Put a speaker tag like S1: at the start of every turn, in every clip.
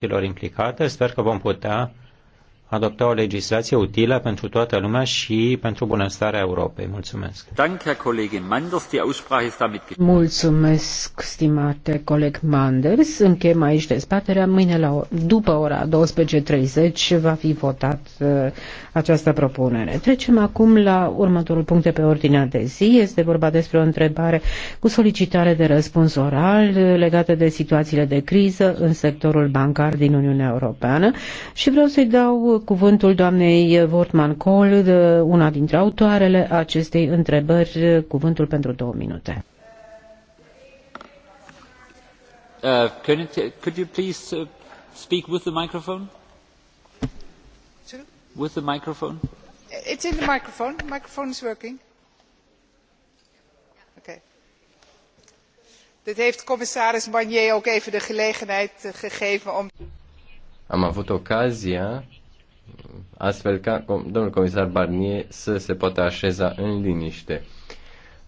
S1: celor implicate. Sper că vom putea adopta o legislație utilă pentru toată lumea și pentru bunăstarea Europei. Mulțumesc.
S2: Mulțumesc, stimate coleg Manders. Încheiem aici dezbaterea. Mâine, la, după ora 12.30, va fi votat uh, această propunere. Trecem acum la următorul punct de pe ordinea de zi. Este vorba despre o întrebare cu solicitare de răspuns oral uh, legată de situațiile de criză în sectorul bancar din Uniunea Europeană și vreau să-i dau uh, cuvântul doamnei Wortman Kohl, una dintre autoarele acestei întrebări, cuvântul pentru două minute.
S1: Uh, could, you please uh, speak with the microphone? With the microphone?
S2: It's in the microphone. microphone is working. Okay. Dit heeft commissaris Barnier ook even de gelegenheid uh, gegeven om
S3: am avut ocazia astfel ca domnul comisar Barnier să se poată așeza în liniște.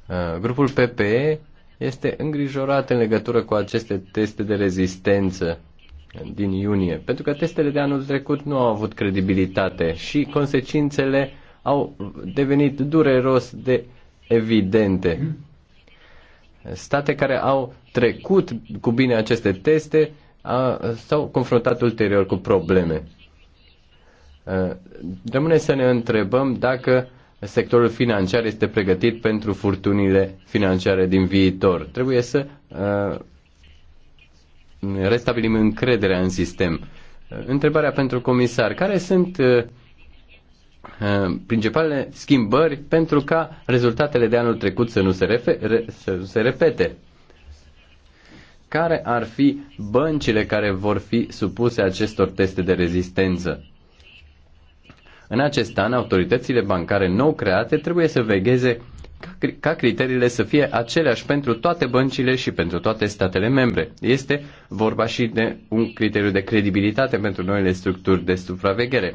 S3: Uh, grupul PPE este îngrijorat în legătură cu aceste teste de rezistență din iunie, pentru că testele de anul trecut nu au avut credibilitate și consecințele au devenit dureros de evidente. State care au trecut cu bine aceste teste s-au confruntat ulterior cu probleme. Uh, rămâne să ne întrebăm dacă sectorul financiar este pregătit pentru furtunile financiare din viitor. Trebuie să uh, restabilim încrederea în sistem. Uh, întrebarea pentru comisar. Care sunt principalele schimbări pentru ca rezultatele de anul trecut să nu se, refe, să nu se repete? Care ar fi băncile care vor fi supuse acestor teste de rezistență? În acest an, autoritățile bancare nou create trebuie să vegheze ca criteriile să fie aceleași pentru toate băncile și pentru toate statele membre. Este vorba și de un criteriu de credibilitate pentru noile structuri de supraveghere.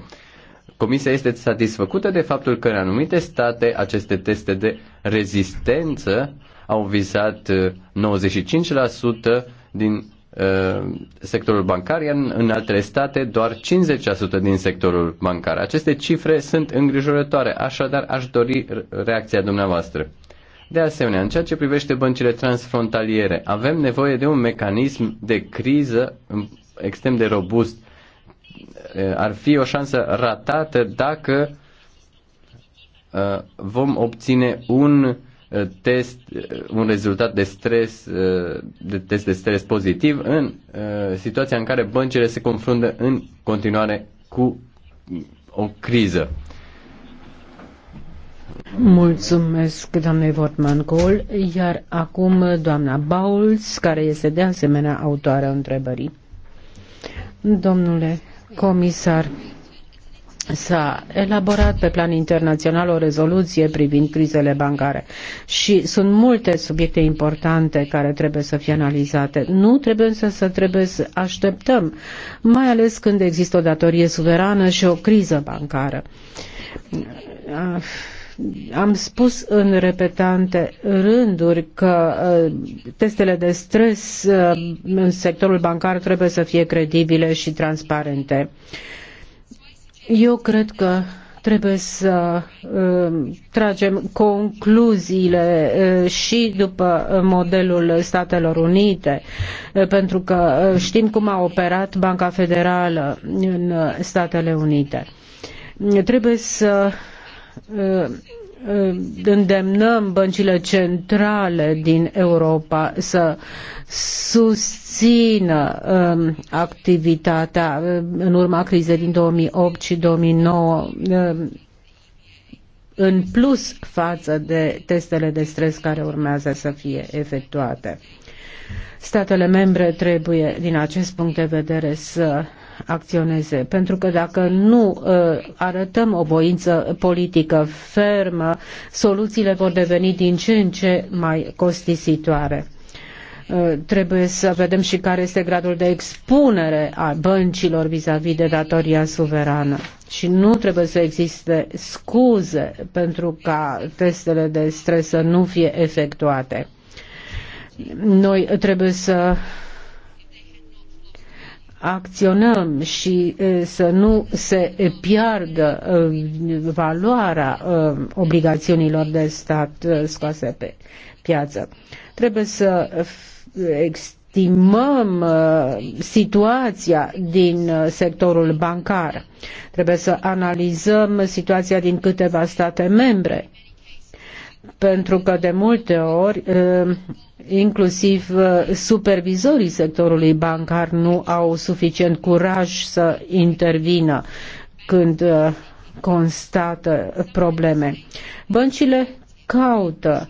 S3: Comisia este satisfăcută de faptul că în anumite state aceste teste de rezistență au vizat 95% eh, din Uh, sectorul bancar, iar în altele state doar 50% din sectorul bancar. Aceste cifre sunt îngrijorătoare, așadar aș dori reacția dumneavoastră. De asemenea, în ceea ce privește băncile transfrontaliere, avem nevoie de un mecanism de criză extrem de robust. Uh, ar fi o șansă ratată dacă uh, vom obține un test, un rezultat de stres, de test de stres pozitiv în uh, situația în care băncile se confruntă în continuare cu o criză.
S2: Mulțumesc, doamne Votman Cole, iar acum doamna Bauls, care este de asemenea autoarea întrebării. Domnule comisar, S-a elaborat pe plan internațional o rezoluție privind crizele bancare și sunt multe subiecte importante care trebuie să fie analizate. Nu trebuie însă să trebuie să așteptăm, mai ales când există o datorie suverană și o criză bancară. Am spus în repetante rânduri că uh, testele de stres uh, în sectorul bancar trebuie să fie credibile și transparente. Eu cred că trebuie să uh, tragem concluziile uh, și după modelul Statelor Unite, uh, pentru că uh, știm cum a operat Banca Federală în Statele Unite. Trebuie să uh, îndemnăm băncile centrale din Europa să susțină um, activitatea um, în urma crizei din 2008 și 2009 um, în plus față de testele de stres care urmează să fie efectuate. Statele membre trebuie, din acest punct de vedere, să acționeze, pentru că dacă nu uh, arătăm o voință politică fermă, soluțiile vor deveni din ce în ce mai costisitoare uh, trebuie să vedem și care este gradul de expunere a băncilor vis-a-vis -vis de datoria suverană. Și nu trebuie să existe scuze pentru ca testele de stres să nu fie efectuate. Noi trebuie să acționăm și să nu se piardă valoarea obligațiunilor de stat scoase pe piață. Trebuie să estimăm situația din sectorul bancar. Trebuie să analizăm situația din câteva state membre pentru că de multe ori ă, inclusiv ă, supervizorii sectorului bancar nu au suficient curaj să intervină când ă, constată probleme. Băncile caută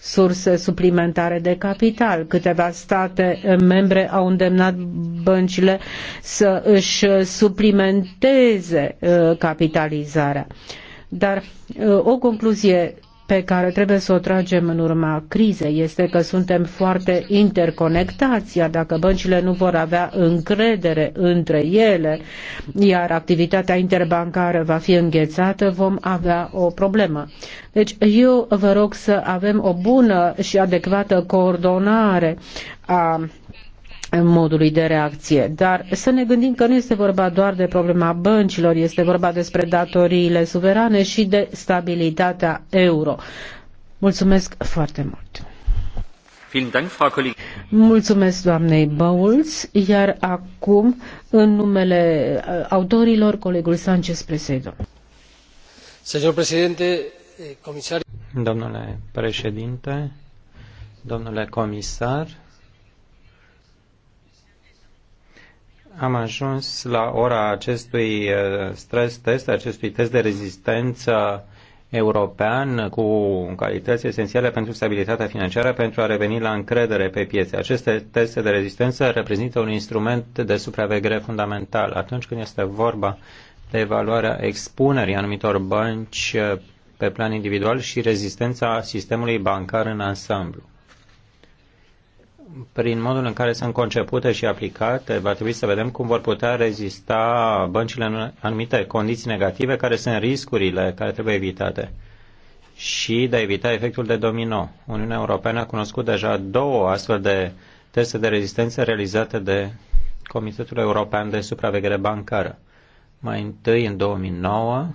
S2: surse suplimentare de capital. Câteva state membre au îndemnat băncile să își suplimenteze capitalizarea. Dar o concluzie pe care trebuie să o tragem în urma crizei este că suntem foarte interconectați, iar dacă băncile nu vor avea încredere între ele, iar activitatea interbancară va fi înghețată, vom avea o problemă. Deci eu vă rog să avem o bună și adecvată coordonare a modului de reacție. Dar să ne gândim că nu este vorba doar de problema băncilor, este vorba despre datoriile suverane și de stabilitatea euro. Mulțumesc foarte mult! Mulțumesc doamnei Bowles, iar acum, în numele uh, autorilor, colegul Sanchez Presedo.
S3: Eh,
S1: domnule președinte, domnule comisar, Am ajuns la ora acestui uh, stres test, acestui test de rezistență european cu calități esențiale pentru stabilitatea financiară pentru a reveni la încredere pe piețe. Aceste teste de rezistență reprezintă un instrument de supraveghere fundamental atunci când este vorba de evaluarea expunerii anumitor bănci pe plan individual și rezistența sistemului bancar în ansamblu prin modul în care sunt concepute și aplicate, va trebui să vedem cum vor putea rezista băncile în anumite condiții negative, care sunt riscurile care trebuie evitate și de a evita efectul de domino. Uniunea Europeană a cunoscut deja două astfel de teste de rezistență realizate de Comitetul European de Supraveghere Bancară. Mai întâi în 2009,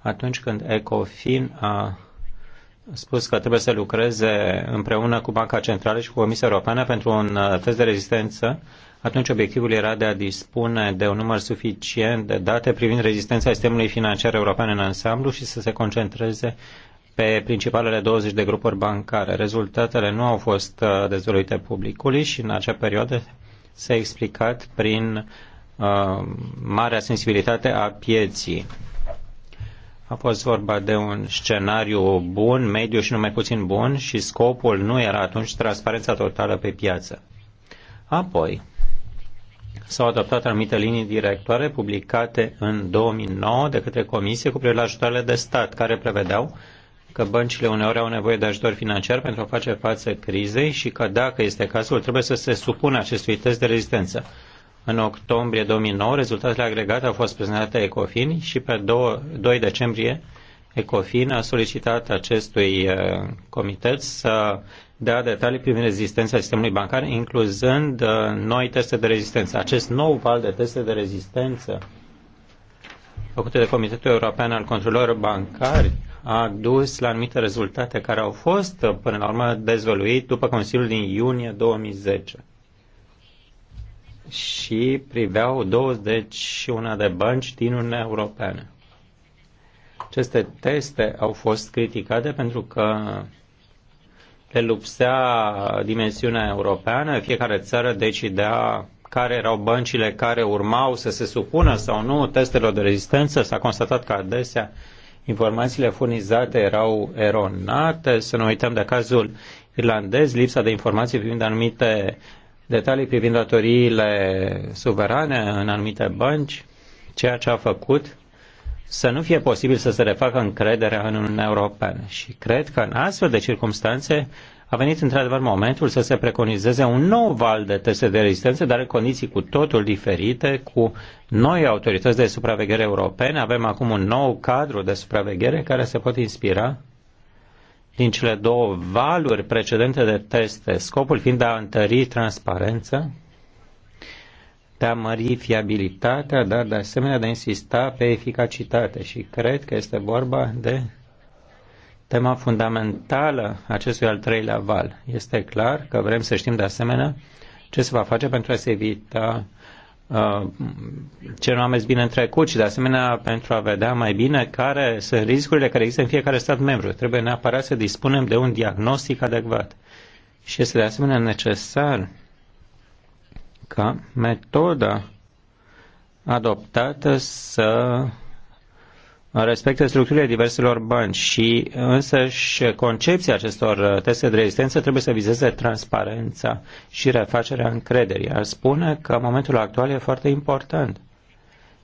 S1: atunci când ECOFIN a spus că trebuie să lucreze împreună cu Banca Centrală și cu Comisia Europeană pentru un uh, test de rezistență, atunci obiectivul era de a dispune de un număr suficient de date privind rezistența sistemului financiar european în ansamblu și să se concentreze pe principalele 20 de grupuri bancare. Rezultatele nu au fost uh, dezvăluite publicului și în acea perioadă s-a explicat prin uh, marea sensibilitate a pieții. A fost vorba de un scenariu bun, mediu și numai puțin bun și scopul nu era atunci transparența totală pe piață. Apoi, s-au adoptat anumite linii directoare publicate în 2009 de către Comisie cu privire la ajutoarele de stat, care prevedeau că băncile uneori au nevoie de ajutor financiar pentru a face față crizei și că dacă este cazul, trebuie să se supună acestui test de rezistență. În octombrie 2009, rezultatele agregate au fost prezentate ECOFIN și pe 2, decembrie ECOFIN a solicitat acestui uh, comitet să dea detalii privind rezistența sistemului bancar, incluzând uh, noi teste de rezistență. Acest nou val de teste de rezistență făcute de Comitetul European al Controlorilor Bancari a dus la anumite rezultate care au fost, uh, până la urmă, dezvăluit după Consiliul din iunie 2010 și priveau 21 de bănci din Uniunea Europeană. Aceste teste au fost criticate pentru că le lupsea dimensiunea europeană, fiecare țară decidea care erau băncile care urmau să se supună sau nu testelor de rezistență. S-a constatat că adesea informațiile furnizate erau eronate. Să nu uităm de cazul irlandez, lipsa de informații privind anumite detalii privind datoriile suverane în anumite bănci, ceea ce a făcut să nu fie posibil să se refacă încrederea în Uniunea Europeană. Și cred că în astfel de circunstanțe a venit într-adevăr momentul să se preconizeze un nou val de teste de rezistență, dar în condiții cu totul diferite, cu noi autorități de supraveghere europene. Avem acum un nou cadru de supraveghere care se pot inspira din cele două valuri precedente de teste, scopul fiind de a întări transparența, de a mări fiabilitatea, dar de asemenea de a insista pe eficacitate. Și cred că este vorba de tema fundamentală acestui al treilea val. Este clar că vrem să știm de asemenea ce se va face pentru a se evita Uh, ce nu am mers bine în trecut și de asemenea pentru a vedea mai bine care sunt riscurile care există în fiecare stat membru. Trebuie neapărat să dispunem de un diagnostic adecvat. Și este de asemenea necesar ca metoda adoptată să respecte structurile diverselor bănci și însă și concepția acestor uh, teste de rezistență trebuie să vizeze transparența și refacerea încrederii. Ar spune că momentul actual e foarte important.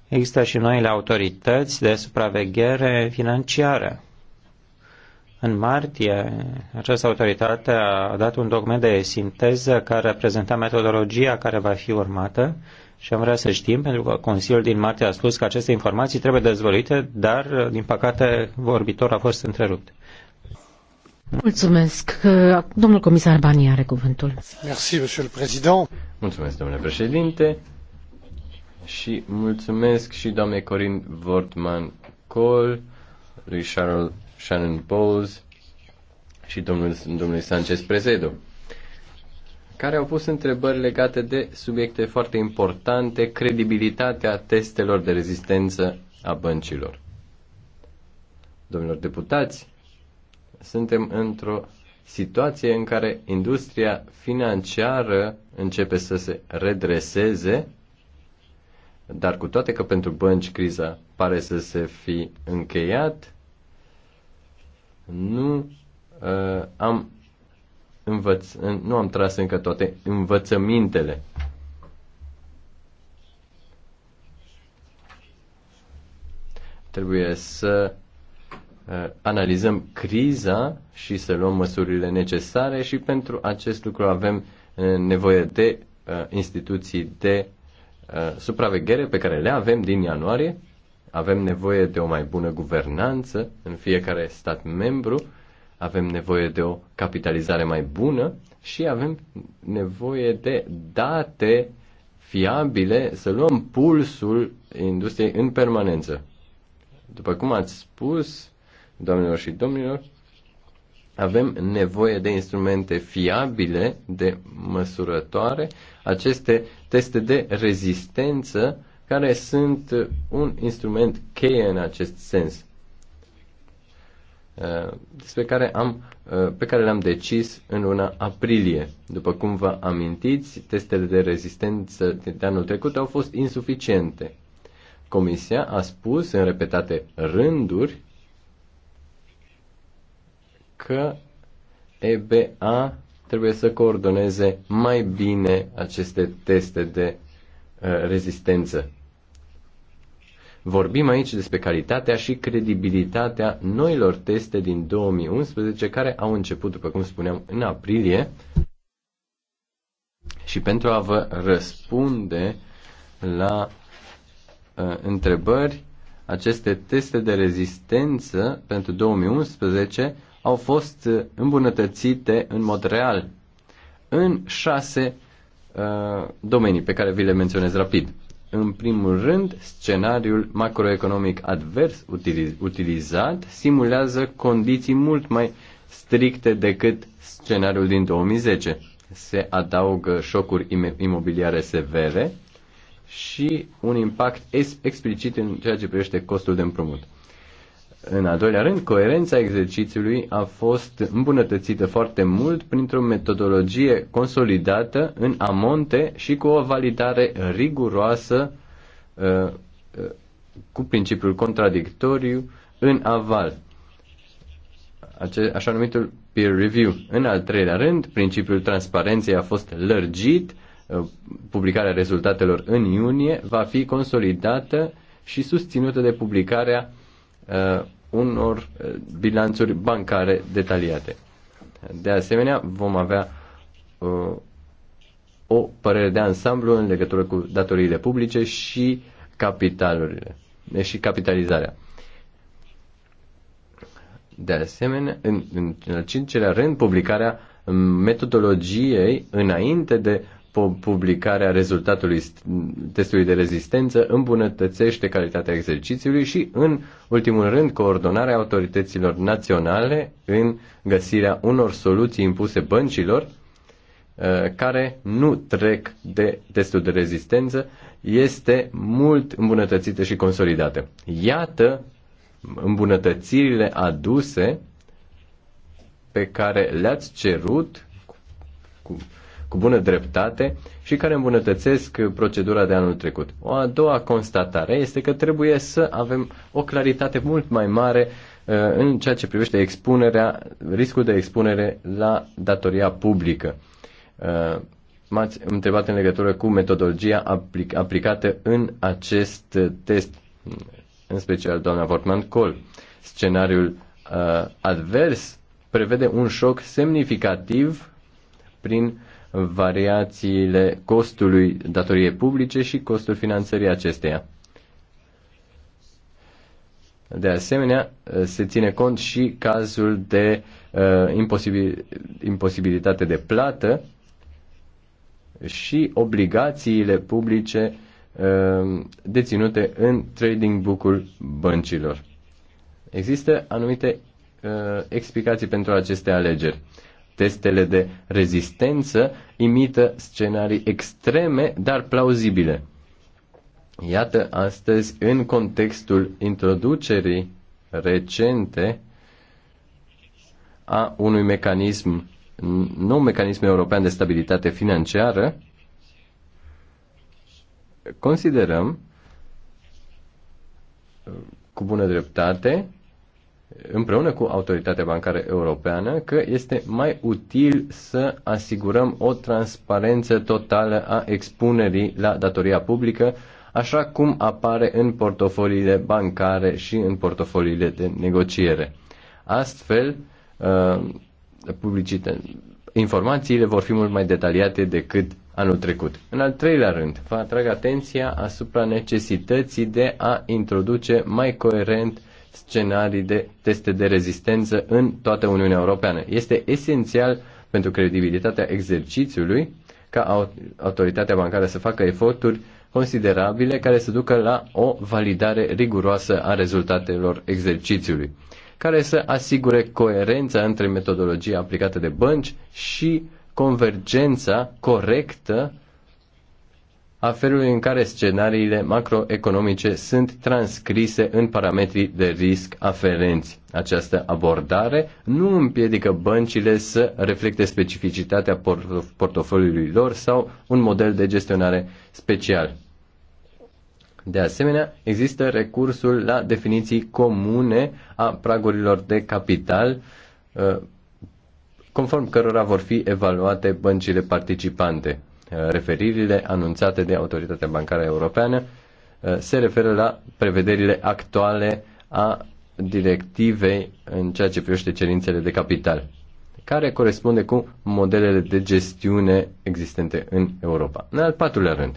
S1: Există și noile autorități de supraveghere financiară. În martie, această autoritate a dat un document de sinteză care prezenta metodologia care va fi urmată și am vrea să știm, pentru că Consiliul din Marte a spus că aceste informații trebuie dezvăluite, dar, din păcate, vorbitor a fost întrerupt.
S2: Mulțumesc. Domnul comisar Bani are cuvântul.
S1: Merci, monsieur le président. Mulțumesc, domnule președinte.
S3: Și mulțumesc și doamnei Corin Wortman, Cole, lui Charles Shannon Bowles și domnul, domnului Sanchez Prezedo care au pus întrebări legate de subiecte foarte importante, credibilitatea testelor de rezistență a băncilor. Domnilor deputați, suntem într-o situație în care industria financiară începe să se redreseze, dar cu toate că pentru bănci criza pare să se fi încheiat, nu uh, am învăț, nu am tras încă toate învățămintele. Trebuie să uh, analizăm criza și să luăm măsurile necesare și pentru acest lucru avem uh, nevoie de uh, instituții de supraveghere pe care le avem din ianuarie. Avem nevoie de o mai bună guvernanță în fiecare stat membru avem nevoie de o capitalizare mai bună și avem nevoie de date fiabile să luăm pulsul industriei în permanență. După cum ați spus, doamnelor și domnilor, avem nevoie de instrumente fiabile, de măsurătoare, aceste teste de rezistență, care sunt un instrument cheie în acest sens. Uh, despre care am, uh, pe care le-am decis în luna aprilie. După cum vă amintiți, testele de rezistență de anul trecut au fost insuficiente. Comisia a spus în repetate rânduri că EBA trebuie să coordoneze mai bine aceste teste de uh, rezistență. Vorbim aici despre calitatea și credibilitatea noilor teste din 2011 care au început, după cum spuneam, în aprilie. Și pentru a vă răspunde la uh, întrebări, aceste teste de rezistență pentru 2011 au fost uh, îmbunătățite în mod real în șase uh, domenii pe care vi le menționez rapid în primul rând, scenariul macroeconomic advers utilizat simulează condiții mult mai stricte decât scenariul din 2010. Se adaugă șocuri imobiliare severe și un impact explicit în ceea ce privește costul de împrumut. În al doilea rând, coerența exercițiului a fost îmbunătățită foarte mult printr-o metodologie consolidată în amonte și cu o validare riguroasă uh, uh, cu principiul contradictoriu în aval, așa numitul peer review. În al treilea rând, principiul transparenței a fost lărgit, uh, publicarea rezultatelor în iunie va fi consolidată și susținută de publicarea uh, unor uh, bilanțuri bancare detaliate. De asemenea, vom avea uh, o părere de ansamblu în legătură cu datoriile publice și capitalurile și capitalizarea. De asemenea, în, în, în al cincilea rând, publicarea metodologiei înainte de publicarea rezultatului testului de rezistență îmbunătățește calitatea exercițiului și, în ultimul rând, coordonarea autorităților naționale în găsirea unor soluții impuse băncilor uh, care nu trec de testul de rezistență este mult îmbunătățită și consolidată. Iată îmbunătățirile aduse pe care le-ați cerut cu, cu cu bună dreptate și care îmbunătățesc procedura de anul trecut. O a doua constatare este că trebuie să avem o claritate mult mai mare uh, în ceea ce privește expunerea, riscul de expunere la datoria publică. Uh, m-ați întrebat în legătură cu metodologia aplic- aplicată în acest test, în special doamna Vortman Col. Scenariul uh, advers prevede un șoc semnificativ prin variațiile costului datoriei publice și costul finanțării acesteia. De asemenea, se ține cont și cazul de uh, imposibil, imposibilitate de plată și obligațiile publice uh, deținute în trading book-ul băncilor. Există anumite uh, explicații pentru aceste alegeri. Uh, testele de rezistență imită scenarii extreme, dar plauzibile. Iată astăzi, în contextul introducerii recente a unui mecanism, nu un mecanism european de stabilitate financiară, considerăm cu bună dreptate împreună cu Autoritatea Bancară Europeană că este mai util să asigurăm o transparență totală a expunerii la datoria publică, așa cum apare în portofoliile bancare și în portofoliile de negociere. Astfel, uh, publicite, informațiile vor fi mult mai detaliate decât anul trecut. În al treilea rând, vă atrag atenția asupra necesității de a introduce mai coerent scenarii de teste de rezistență în toată Uniunea Europeană. Este esențial pentru credibilitatea exercițiului ca autoritatea bancară să facă eforturi considerabile care să ducă la o validare riguroasă a rezultatelor exercițiului, care să asigure coerența între metodologia aplicată de bănci și convergența corectă a felului în care scenariile macroeconomice sunt transcrise în parametrii de risc aferenți. Această abordare nu împiedică băncile să reflecte specificitatea portofoliului lor sau un model de gestionare special. De asemenea, există recursul la definiții comune a pragurilor de capital, ă, conform cărora vor fi evaluate băncile participante. Eh, referirile anunțate de Autoritatea Bancară Europeană eh, se referă la prevederile actuale a directivei în ceea ce privește cerințele de capital, care corespunde cu modelele de gestiune existente în Europa. În al patrulea rând,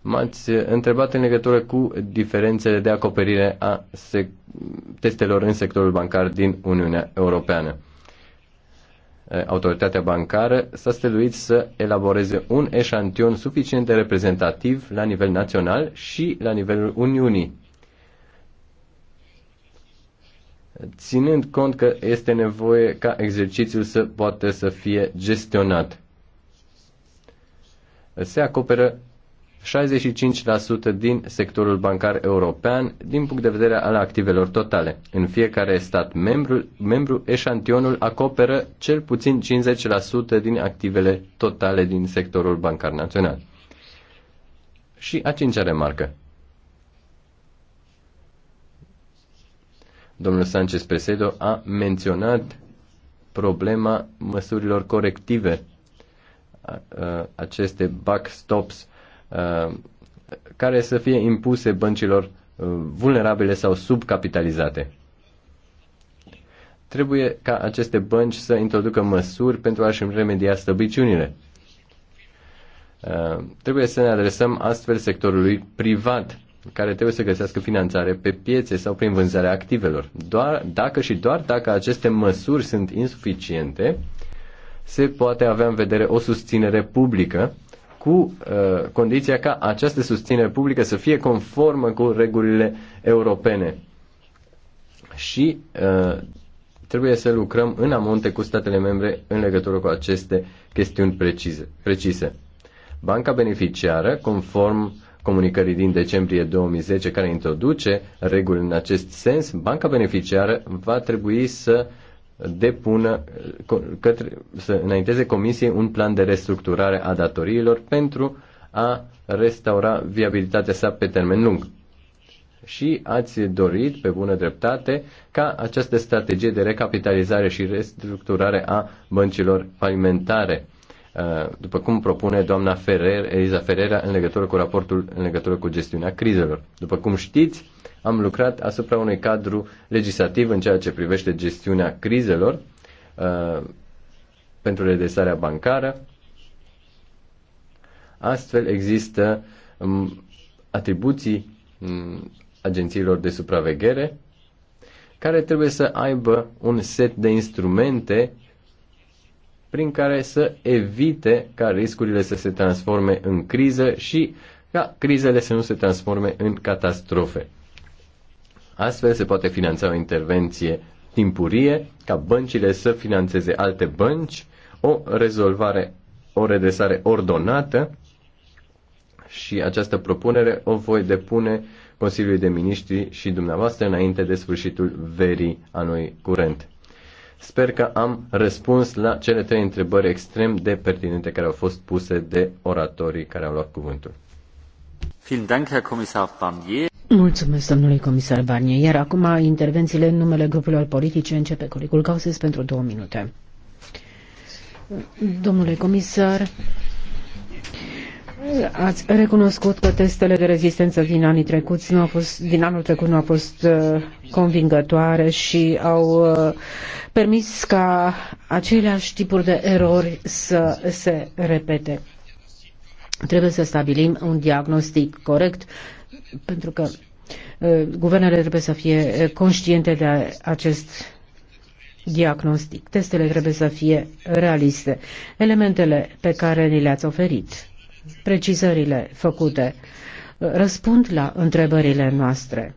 S3: m-ați întrebat în legătură cu diferențele de acoperire a testelor în sectorul bancar din Uniunea Europeană. Eh, autoritatea bancară s-a străduit să elaboreze un eșantion suficient de reprezentativ la nivel național și la nivelul Uniunii. Ținând cont că este nevoie ca exercițiul să poată să fie gestionat. Se acoperă 65% din sectorul bancar european din punct de vedere al activelor totale. În fiecare stat membru, membru eșantionul acoperă cel puțin 50% din activele totale din sectorul bancar național. Și a cincea remarcă. Domnul Sanchez Presedo a menționat problema măsurilor corective, aceste backstops Uh, care să fie impuse băncilor uh, vulnerabile sau subcapitalizate. Trebuie ca aceste bănci să introducă măsuri pentru a-și remedia slăbiciunile. Uh, trebuie să ne adresăm astfel sectorului privat, care trebuie să găsească finanțare pe piețe sau prin vânzarea activelor. Doar dacă și doar dacă aceste măsuri sunt insuficiente, se poate avea în vedere o susținere publică cu uh, condiția ca această susținere publică să fie conformă cu regulile europene. Și uh, trebuie să lucrăm în amonte cu statele membre în legătură cu aceste chestiuni precise. precise. Banca beneficiară, conform comunicării din decembrie 2010 care introduce reguli în acest sens, banca beneficiară va trebui să depună către, să înainteze comisiei un plan de restructurare a datoriilor pentru a restaura viabilitatea sa pe termen lung. Și ați dorit, pe bună dreptate, ca această strategie de recapitalizare și restructurare a băncilor falimentare. Uh, după cum propune doamna Ferrer, Eliza Ferrera în legătură cu raportul în legătură cu gestiunea crizelor. După cum știți, am lucrat asupra unui cadru legislativ în ceea ce privește gestiunea crizelor uh, pentru redresarea bancară. Astfel există um, atribuții um, agențiilor de supraveghere care trebuie să aibă un set de instrumente uh, prin care să evite ca riscurile să se transforme în criză și ca crizele să nu se transforme în catastrofe. Astfel se poate finanța o intervenție timpurie, ca băncile să financeze alte bănci, o rezolvare, o redresare ordonată și această propunere o voi depune Consiliului de Miniștri și dumneavoastră înainte de sfârșitul verii anului curent. Sper că am răspuns la cele trei întrebări extrem de pertinente care au fost puse de oratorii care au luat cuvântul.
S2: Mulțumesc, domnului comisar Barnier. Iar acum intervențiile în numele grupurilor politice începe colegul Causes pentru două minute. Domnule comisar, Ați recunoscut că testele de rezistență din anii trecuți nu au fost, din anul trecut nu au fost uh, convingătoare și au uh, permis ca aceleași tipuri de erori să se repete. Trebuie să stabilim un diagnostic corect pentru că uh, guvernele trebuie să fie uh, conștiente de acest diagnostic. Testele trebuie să fie realiste. Elementele pe care ni le-ați oferit precizările făcute. Răspund la întrebările noastre.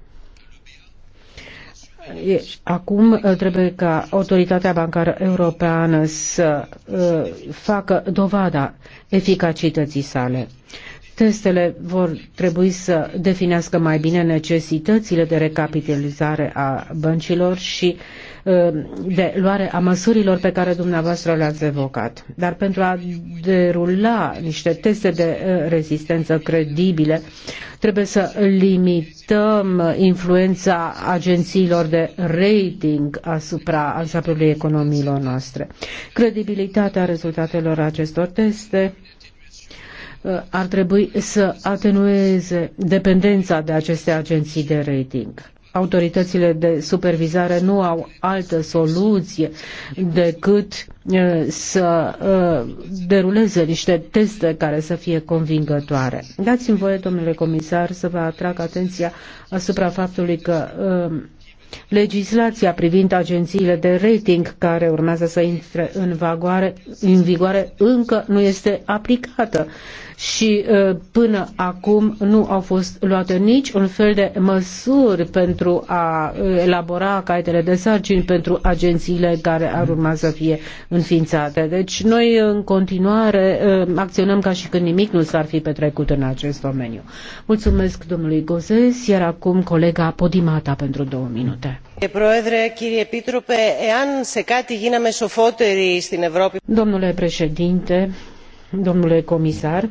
S2: Acum uh, trebuie ca autoritatea bancară europeană să uh, facă dovada eficacității sale. Testele vor trebui să definească mai bine necesitățile de recapitalizare a băncilor și uh, Eh, de luare a măsurilor pe care dumneavoastră le-ați evocat. Dar pentru a derula niște teste de eh, rezistență credibile, trebuie să limităm influența agențiilor de rating asupra ansamblului economiilor noastre. Credibilitatea rezultatelor acestor teste eh, ar trebui să atenueze dependența de aceste agenții de rating autoritățile de supervizare nu au altă soluție decât să deruleze niște teste care să fie convingătoare. Dați-mi voie, domnule comisar, să vă atrag atenția asupra faptului că legislația privind agențiile de rating care urmează să intre în, în vigoare încă nu este aplicată și ă, până acum nu au fost luate nici un fel de măsuri pentru a ă, elabora caietele de sarcini pentru agențiile care ar urma să fie înființate. Deci noi în continuare ă, acționăm ca și când nimic nu s-ar fi petrecut în acest domeniu. Mulțumesc domnului Gozes, iar acum colega Podimata pentru două minute. Domnule președinte, domnule comisar,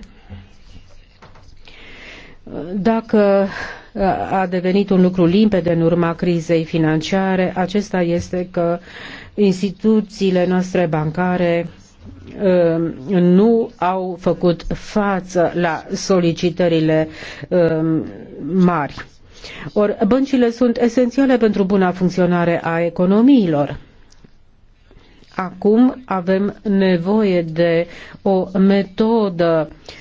S2: dacă uh, a devenit un lucru limpede în urma crizei financiare, acesta este că instituțiile noastre bancare uh, nu au făcut față la solicitările um, mari. Or, băncile sunt esențiale pentru buna funcționare a economiilor. Acum avem nevoie de o metodă uh,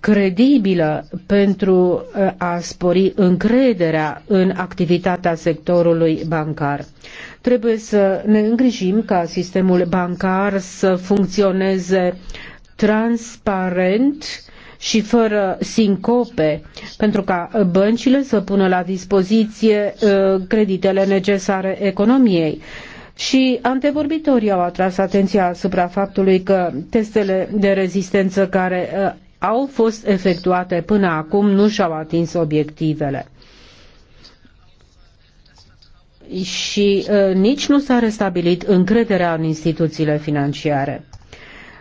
S2: credibilă pentru uh, a spori încrederea în activitatea sectorului bancar. Trebuie să ne îngrijim ca sistemul bancar să funcționeze transparent și fără sincope, pentru ca băncile să pună la dispoziție uh, creditele necesare economiei. Și antevorbitorii au atras atenția asupra faptului că testele de rezistență care uh, au fost efectuate până acum nu și-au atins obiectivele. Și uh, nici nu s-a restabilit încrederea în instituțiile financiare.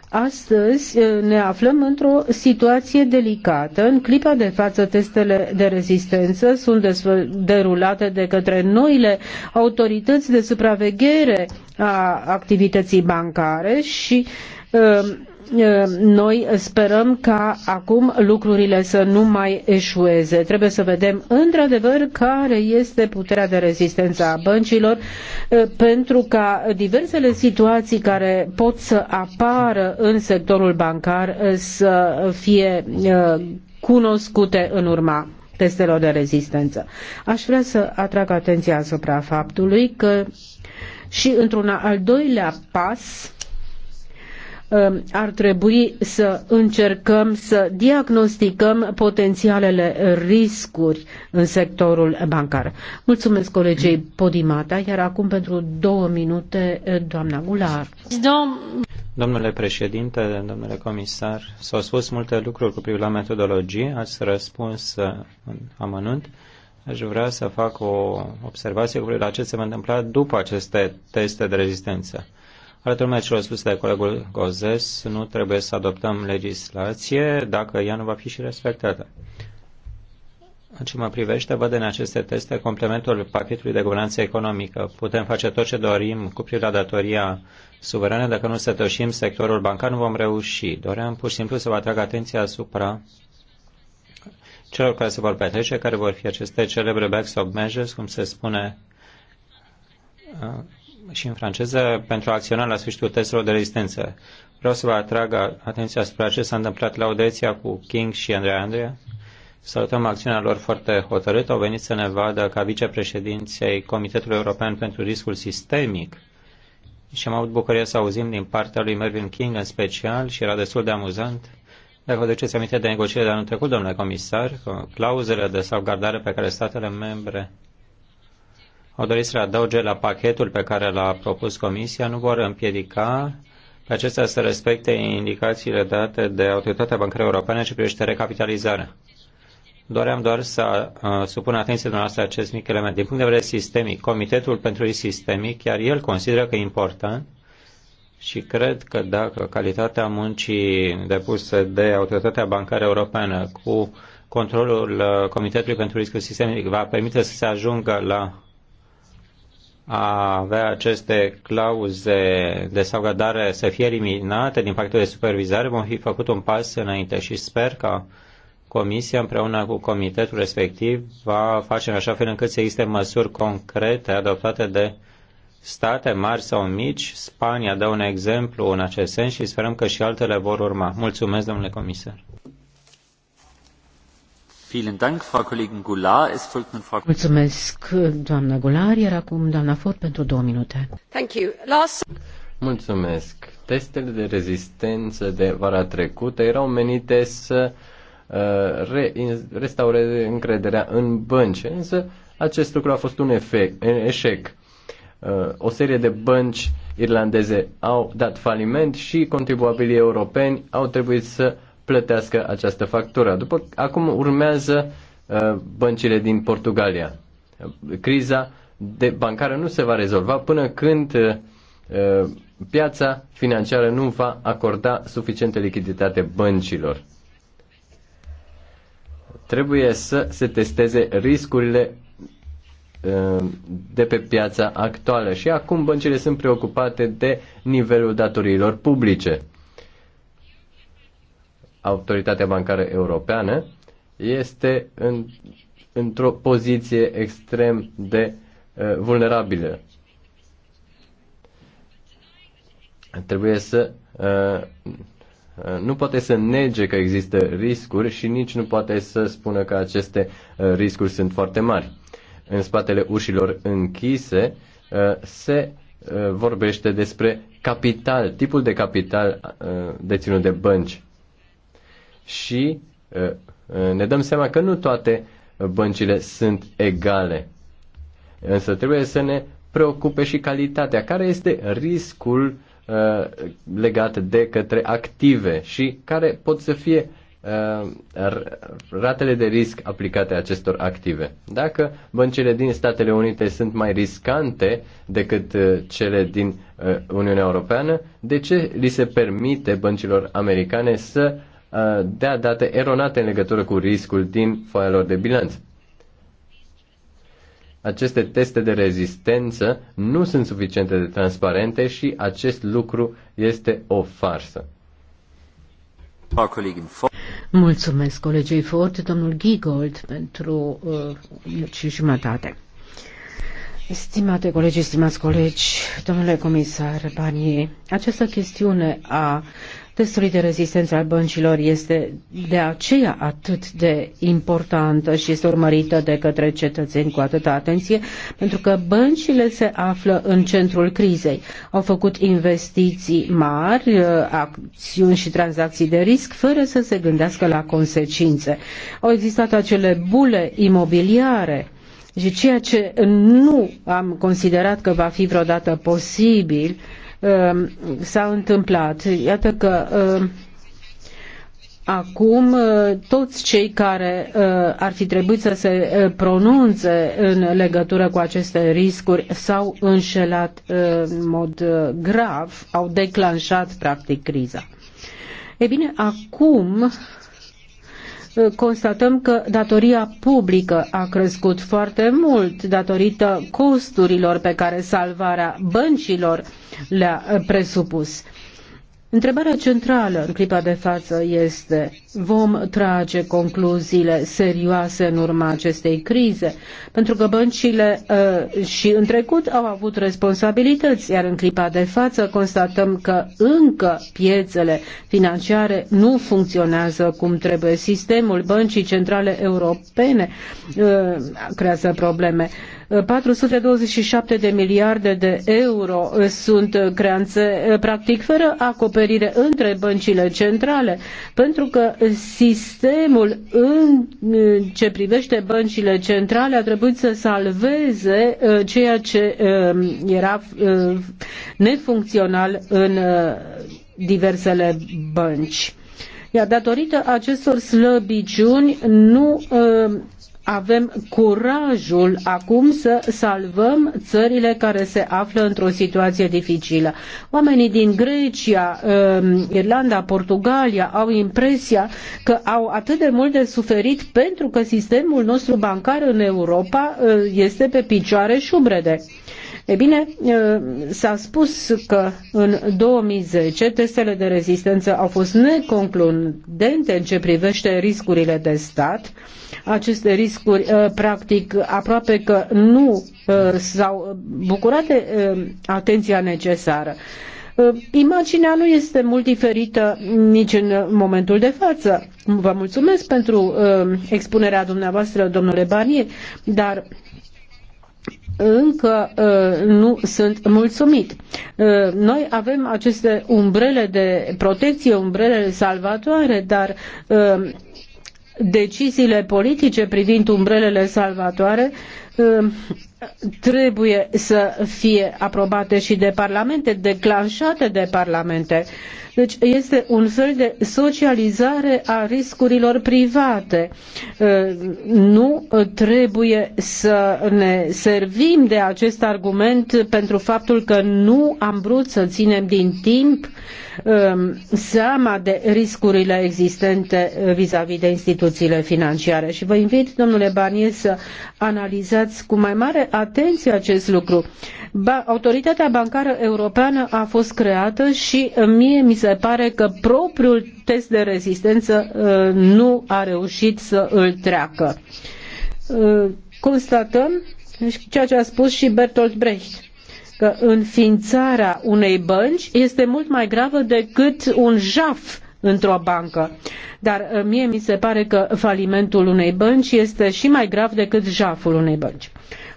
S2: Astăzi uh, ne aflăm într-o situație delicată. În clipa de față, testele de rezistență sunt derulate de către noile autorități de supraveghere a activității bancare și uh, Eh, noi sperăm ca acum lucrurile să nu mai eșueze. Trebuie să vedem într-adevăr care este puterea de rezistență a băncilor eh, pentru ca diversele situații care pot să apară în sectorul bancar eh, să fie cunoscute în urma testelor de rezistență. Aș vrea să atrag atenția asupra faptului că și într-un al doilea pas Um, ar trebui să încercăm să diagnosticăm potențialele riscuri în sectorul bancar. Mulțumesc colegei Podimata, iar acum pentru două minute doamna Gular.
S1: Domnule președinte, domnule comisar, s-au spus multe lucruri cu privire la metodologie, ați răspuns în uh, amănunt. Aș vrea să fac o observație cu privire la ce se va întâmpla după aceste teste de rezistență Alături de celor spuse de colegul Gozes, nu trebuie să adoptăm legislație dacă ea nu va fi și respectată. În ce mă privește, văd în aceste teste complementul pachetului de guvernanță economică. Putem face tot ce dorim cu privire la datoria suverană. Dacă nu se sătoșim sectorul bancar, nu vom reuși. Doream pur și simplu să vă atrag atenția asupra celor care se vor petrece, care vor fi aceste celebre backstop measures, cum se spune și în franceză pentru a acționa la sfârșitul testelor de rezistență. Vreau să vă atrag atenția asupra ce s-a întâmplat la Odeția cu King și Andrea Andrea. Salutăm acțiunea lor foarte hotărâtă. Au venit să ne vadă ca vicepreședinței Comitetului European pentru Riscul Sistemic și am avut bucuria să auzim din partea lui Mervyn King în special și era destul de amuzant. Dacă vă duceți aminte de negocierile de anul trecut, domnule comisar, clauzele de salvgardare pe care statele membre au dorit să adauge la pachetul pe care l-a propus Comisia, nu vor împiedica pe acestea să respecte indicațiile date de Autoritatea Bancară Europeană ce privește recapitalizarea. Doream doar să uh, supun atenție dumneavoastră acest mic element. Din punct de vedere sistemic, Comitetul pentru Risc Sistemic, chiar el consideră că e important și cred că dacă calitatea muncii depuse de Autoritatea Bancară Europeană cu controlul uh, Comitetului pentru Riscul Sistemic va permite să se ajungă la a avea aceste clauze de salvgardare să fie eliminate din pactul de supervizare, vom fi făcut un pas înainte și sper că Comisia împreună cu comitetul respectiv va face în așa fel încât să existe măsuri concrete adoptate de state mari sau mici. Spania dă un exemplu în acest sens și sperăm că și altele vor urma. Mulțumesc, domnule comisar.
S2: Mulțumesc, iar acum pentru două minute.
S3: Mulțumesc. Testele de rezistență de vara trecută erau menite să uh, re- restaureze încrederea în bănci, însă acest lucru a fost un, efect, un eșec. Uh, o serie de bănci irlandeze au dat faliment și contribuabilii europeni au trebuit să plătească această factură. După, acum urmează uh, băncile din Portugalia. Criza de bancară nu se va rezolva până când uh, piața financiară nu va acorda suficientă lichiditate băncilor. Trebuie să se testeze riscurile uh, de pe piața actuală și acum băncile sunt preocupate de nivelul datoriilor publice. Autoritatea Bancară Europeană este în, într-o poziție extrem de uh, vulnerabilă. Trebuie să. Uh, nu poate să nege că există riscuri și nici nu poate să spună că aceste uh, riscuri sunt foarte mari. În spatele ușilor închise uh, se uh, vorbește despre capital, tipul de capital uh, deținut de bănci și uh, uh, ne dăm seama că nu toate uh, băncile sunt egale. Însă trebuie să ne preocupe și calitatea. Care este riscul legat de către active și care pot să fie ratele de risc aplicate acestor active. Dacă băncile din Statele Unite sunt mai riscante decât cele din Uniunea Europeană, de ce li se permite băncilor americane să dea date eronate în legătură cu riscul din foaia lor de bilanț. Aceste teste de rezistență nu sunt suficiente de transparente și acest lucru este o farsă.
S2: Mulțumesc colegii Ford, domnul Gigold, pentru uh, și jumătate. Stimate colegi, stimați colegi, domnule comisar Barnier, această chestiune a testului de rezistență al băncilor este de aceea atât de importantă și este urmărită de către cetățeni cu atâta atenție, pentru că băncile se află în centrul crizei. Au făcut investiții mari, acțiuni și tranzacții de risc, fără să se gândească la consecințe. Au existat acele bule imobiliare și ceea ce nu am considerat că va fi vreodată posibil, uh, Um, s-a întâmplat. Iată că um, Acum, uh, toți cei care uh, ar fi trebuit să se uh, pronunțe în legătură cu aceste riscuri s-au înșelat în mod grav, au declanșat practic criza. E bine, acum constatăm că datoria publică a crescut foarte mult datorită costurilor pe care salvarea băncilor le-a eh, presupus. Întrebarea centrală în clipa de față este vom trage concluziile serioase în urma acestei crize? Pentru că băncile uh, și în trecut au avut responsabilități, iar în clipa de față constatăm că încă piețele financiare nu funcționează cum trebuie. Sistemul băncii centrale europene uh, creează probleme. Uh, 427 de miliarde de euro sunt creanțe practic fără acoperire între băncile centrale, pentru că sistemul în ce privește băncile centrale a trebuit să salveze uh, ceea ce um, era uh, nefuncțional în uh, diversele bănci. Iar datorită acestor slăbiciuni nu avem curajul acum să salvăm țările care se află într-o situație dificilă. Oamenii din Grecia, um, Irlanda, Portugalia au impresia că au atât de mult de suferit pentru că sistemul nostru bancar în Europa uh, este pe picioare șubrede. E bine, s-a spus că în 2010 testele de rezistență au fost neconcludente în ce privește riscurile de stat. Aceste riscuri, practic, aproape că nu s-au bucurat de atenția necesară. Imaginea nu este mult diferită nici în momentul de față. Vă mulțumesc pentru expunerea dumneavoastră, domnule Barnier, dar încă uh, nu sunt mulțumit. Uh, noi avem aceste umbrele de protecție, umbrele salvatoare, dar uh, deciziile politice privind umbrelele salvatoare trebuie să fie aprobate și de parlamente, declanșate de parlamente. Deci este un fel de socializare a riscurilor private. Uh, nu trebuie să ne servim de acest argument pentru faptul că nu am vrut să ținem din timp um, seama de riscurile existente vis-a-vis de instituțiile financiare. Și vă invit, domnule Barnier, să analizați cu mai mare atenție acest lucru. Ba, Autoritatea Bancară Europeană a fost creată și uh, mie mi se pare că propriul test de rezistență uh, nu a reușit să îl treacă. Uh, constatăm ceea ce a spus și Bertolt Brecht că înființarea unei bănci este mult mai gravă decât un jaf într-o bancă. Dar uh, mie mi se pare că falimentul unei bănci este și mai grav decât jaful unei bănci.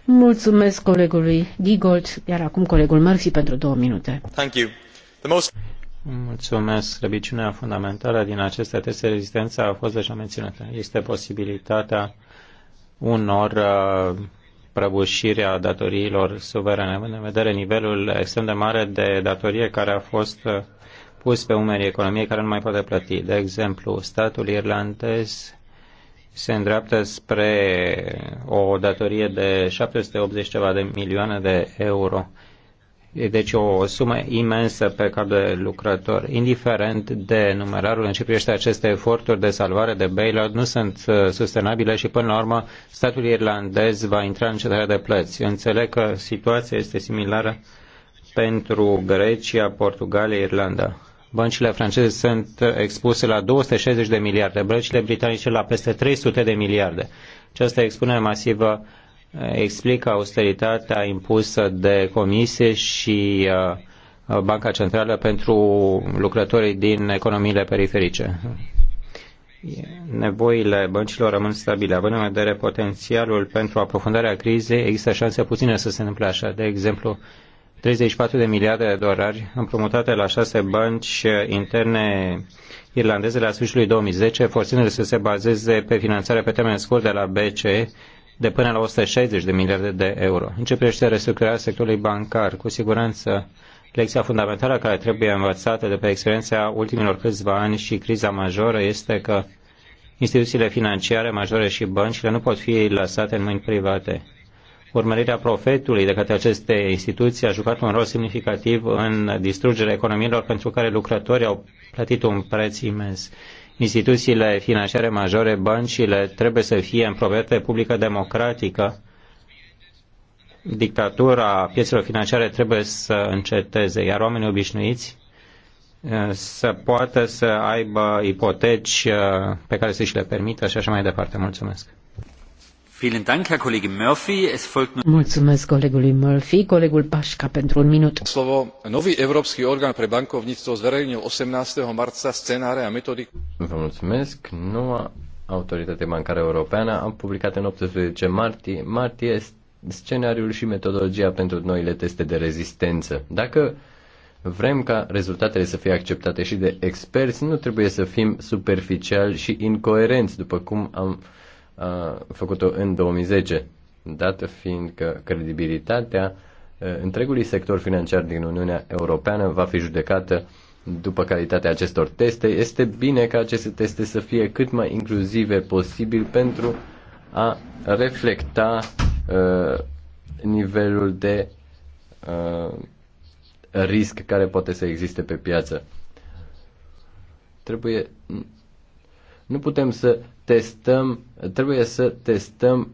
S2: Mulțumesc colegului Gigold, iar acum colegul Murphy pentru două minute.
S1: Thank you. The most... Mulțumesc. Răbiciunea fundamentală din aceste teste rezistență a fost deja menționată. Este posibilitatea unor uh, prăbușirea datoriilor suverene, în vedere nivelul extrem de mare de datorie care a fost uh, pus pe umerii economiei care nu mai poate plăti. De exemplu, statul irlandez se îndreaptă spre o datorie de 780 ceva de milioane de euro. E deci o sumă imensă pe cap de lucrător. Indiferent de numerarul în ce privește aceste eforturi de salvare de bailout, nu sunt uh, sustenabile și până la urmă statul irlandez va intra în cetarea de plăți. Eu înțeleg că situația este similară pentru Grecia, Portugalia, Irlanda. Băncile franceze sunt expuse la 260 de miliarde, băncile britanice la peste 300 de miliarde. Această expunere masivă eh, explică austeritatea impusă de comisie și eh, Banca Centrală pentru lucrătorii din economiile periferice. Nevoile băncilor rămân stabile. Având în vedere potențialul pentru aprofundarea crizei, există șanse puține să se întâmple așa. De exemplu, 34 de miliarde de dolari împrumutate la șase bănci interne irlandeze la sfârșitul 2010, forțându-le să se bazeze pe finanțarea pe termen scurt de la BCE de până la 160 de miliarde de euro. Începește restructurarea sectorului bancar. Cu siguranță, lecția fundamentală care trebuie învățată de pe experiența ultimilor câțiva ani și criza majoră este că instituțiile financiare majore și băncile nu pot fi lăsate în mâini private Urmărirea profetului de către aceste instituții a jucat un rol semnificativ în distrugerea economiilor pentru care lucrătorii au plătit un preț imens. Instituțiile financiare majore, băncile, trebuie să fie în proprietate publică democratică. Dictatura piețelor financiare trebuie să înceteze, iar oamenii obișnuiți eh, să poată să aibă ipoteci eh, pe care să și le permită și așa mai departe. Mulțumesc.
S2: Mulțumesc colegului Murphy. Colegul Pașca pentru un minut.
S3: Nový Európsky orgán pre bankovníctvo zverejnil 18. marca scenáre a metodic... Vă mulțumesc. Noua autoritate bancară europeană a publicat în 18 martie, martie scenariul și metodologia pentru noile teste de rezistență. Dacă vrem ca rezultatele să fie acceptate și de experți, nu trebuie să fim superficiali și incoerenți, după cum am a făcut-o în 2010, dată fiind că credibilitatea întregului sector financiar din Uniunea Europeană va fi judecată după calitatea acestor teste. Este bine ca aceste teste să fie cât mai inclusive posibil pentru a reflecta uh, nivelul de uh, risc care poate să existe pe piață. Trebuie. Nu putem să testăm, trebuie să testăm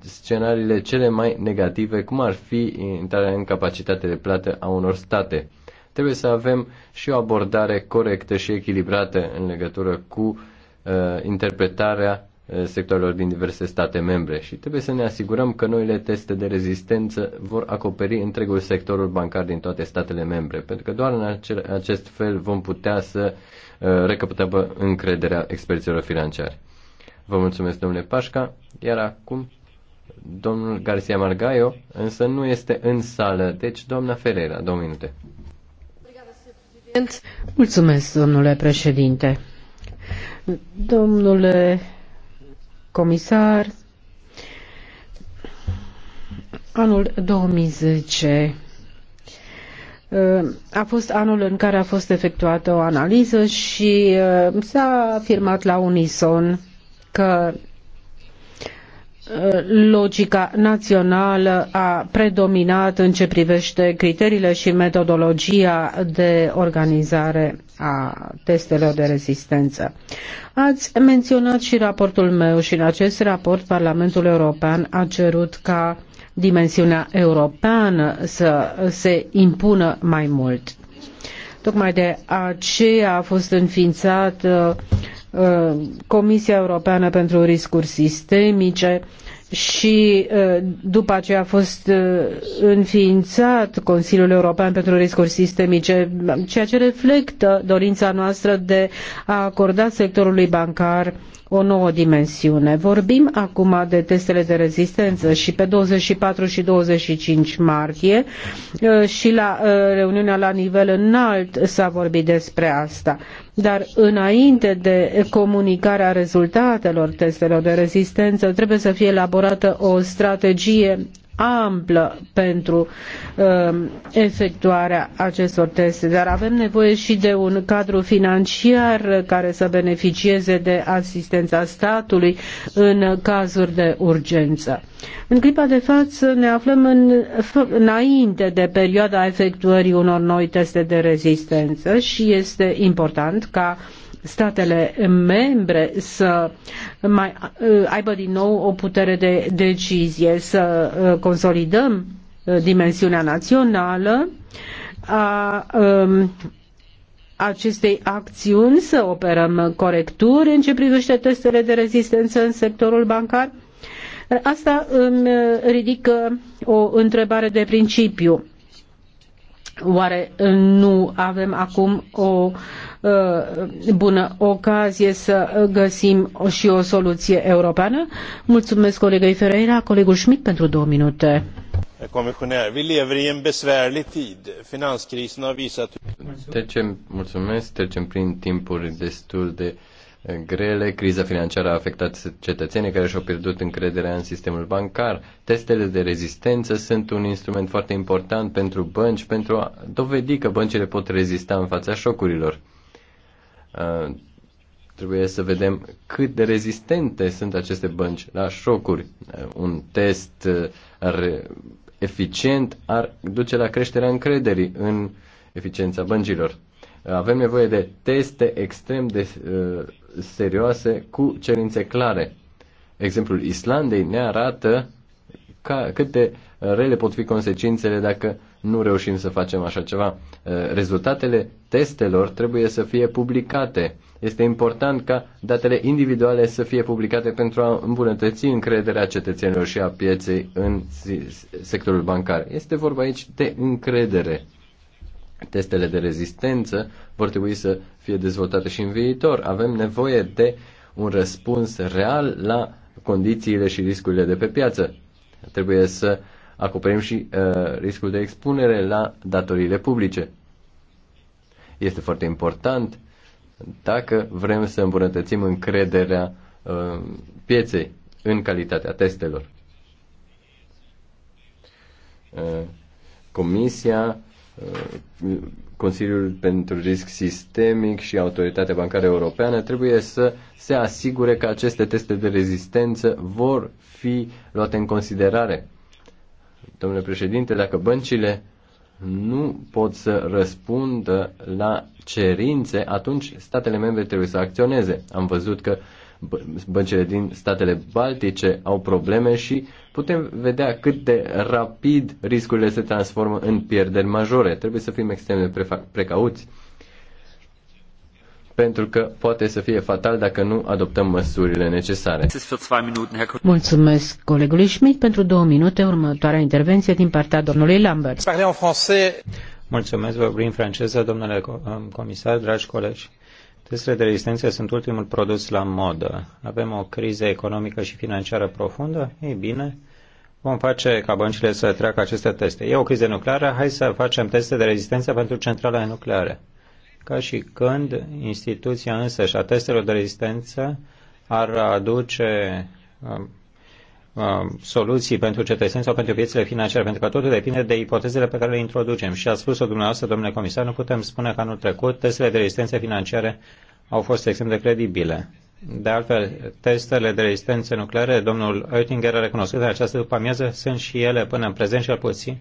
S3: scenariile cele mai negative, cum ar fi intrarea în capacitate de plată a unor state. Trebuie să avem și o abordare corectă și echilibrată în legătură cu uh, interpretarea sectorilor din diverse state membre și trebuie să ne asigurăm că noile teste de rezistență vor acoperi întregul sectorul bancar din toate statele membre, pentru că doar în acel, acest fel vom putea să uh, recapătăm încrederea experților financiari. Vă mulțumesc, domnule Pașca. Iar acum, domnul Garcia Margaio, însă nu este în sală. Deci, doamna Ferreira, două minute.
S2: Mulțumesc, domnule președinte. Domnule comisar, anul 2010 uh, a fost anul în care a fost efectuată o analiză și uh, s-a afirmat la unison că uh, logica națională a predominat în ce privește criteriile și metodologia de organizare a testelor de rezistență. Ați menționat și raportul meu și în acest raport Parlamentul European a cerut ca dimensiunea europeană să se impună mai mult. Tocmai de aceea a fost înființat uh, Uh, Comisia Europeană pentru Riscuri Sistemice și uh, după aceea a fost uh, înființat Consiliul European pentru Riscuri Sistemice, ceea ce reflectă dorința noastră de a acorda sectorului bancar o nouă dimensiune. Vorbim acum de testele de rezistență și pe 24 și 25 martie uh, și la uh, reuniunea la nivel înalt s-a vorbit despre asta. Dar înainte de comunicarea rezultatelor testelor de rezistență trebuie să fie elaborată o strategie amplă pentru uh, efectuarea acestor teste, dar avem nevoie și de un cadru financiar care să beneficieze de asistența statului în cazuri de urgență. În clipa de față ne aflăm în, înainte de perioada efectuării unor noi teste de rezistență și este important ca uh, statele membre să mai uh, aibă din nou o putere de decizie, să uh, consolidăm uh, dimensiunea națională a um, acestei acțiuni, să operăm corecturi în ce privește testele de rezistență în sectorul bancar. Asta îmi ridică o întrebare de principiu. Oare nu avem acum o Uh, bună ocazie să găsim și o soluție europeană. Mulțumesc colegei Ferreira, colegul Schmidt pentru două minute.
S4: Comisionär, vi lever i en besvärlig tid. Finanskrisen har visat...
S3: Trecem, mulțumesc, trecem prin timpuri destul de eh, grele. Criza financiară a afectat cetățenii care și-au pierdut încrederea în sistemul bancar. Testele de rezistență sunt un instrument foarte important pentru bănci pentru a dovedi că băncile pot rezista în fața șocurilor. Uh, trebuie să vedem cât de rezistente sunt aceste bănci la șocuri. Uh, un test uh, eficient ar duce la creșterea încrederii în eficiența băncilor. Avem nevoie de teste extrem de serioase cu cerințe clare. Exemplul Islandei ne arată ca, cât de rele pot fi consecințele dacă nu reușim să facem așa ceva. Eh, rezultatele testelor trebuie să fie publicate. Este important ca datele individuale să fie publicate pentru a îmbunătăți încrederea cetățenilor și a pieței în sectorul bancar. Este vorba aici de încredere. Testele de rezistență vor trebui să fie dezvoltate și în viitor. Avem nevoie de un răspuns real la condițiile și riscurile de pe piață. Trebuie să uh, acoperim și uh, riscul de expunere la datoriile publice. Este foarte important dacă vrem să îmbunătățim încrederea uh, pieței în calitatea testelor. Uh, Comisia, uh, Consiliul pentru Risc Sistemic și Autoritatea Bancară Europeană trebuie să se asigure că aceste teste de rezistență vor fi luate în considerare Domnule președinte, dacă băncile nu pot să răspundă la cerințe, atunci statele membre trebuie să acționeze. Am văzut că băncile din statele baltice au probleme și putem vedea cât de rapid riscurile se transformă în pierderi majore. Trebuie să fim extrem de precauți pentru că poate să fie fatal dacă nu adoptăm măsurile necesare.
S2: Mulțumesc colegului Schmidt pentru două minute. Următoarea intervenție din partea domnului Lambert.
S1: Mulțumesc, vorbim în franceză, domnule um, comisar, dragi colegi. Testele de rezistență sunt ultimul produs la modă. Avem o criză economică și financiară profundă? Ei bine, vom face ca băncile să treacă aceste teste. E o criză nucleară, hai să facem teste de rezistență pentru centrale nucleare ca și când instituția însăși a testelor de rezistență ar aduce um, um, soluții pentru cetățeni sau pentru piețele financiare, pentru că totul depinde de ipotezele pe care le introducem. Și a spus-o dumneavoastră, domnule comisar, nu putem spune că anul trecut testele de rezistență financiare au fost extrem de credibile. De altfel, testele de rezistență nucleare, domnul Oettinger a recunoscut în această după amiază, sunt și ele până în prezent cel puțin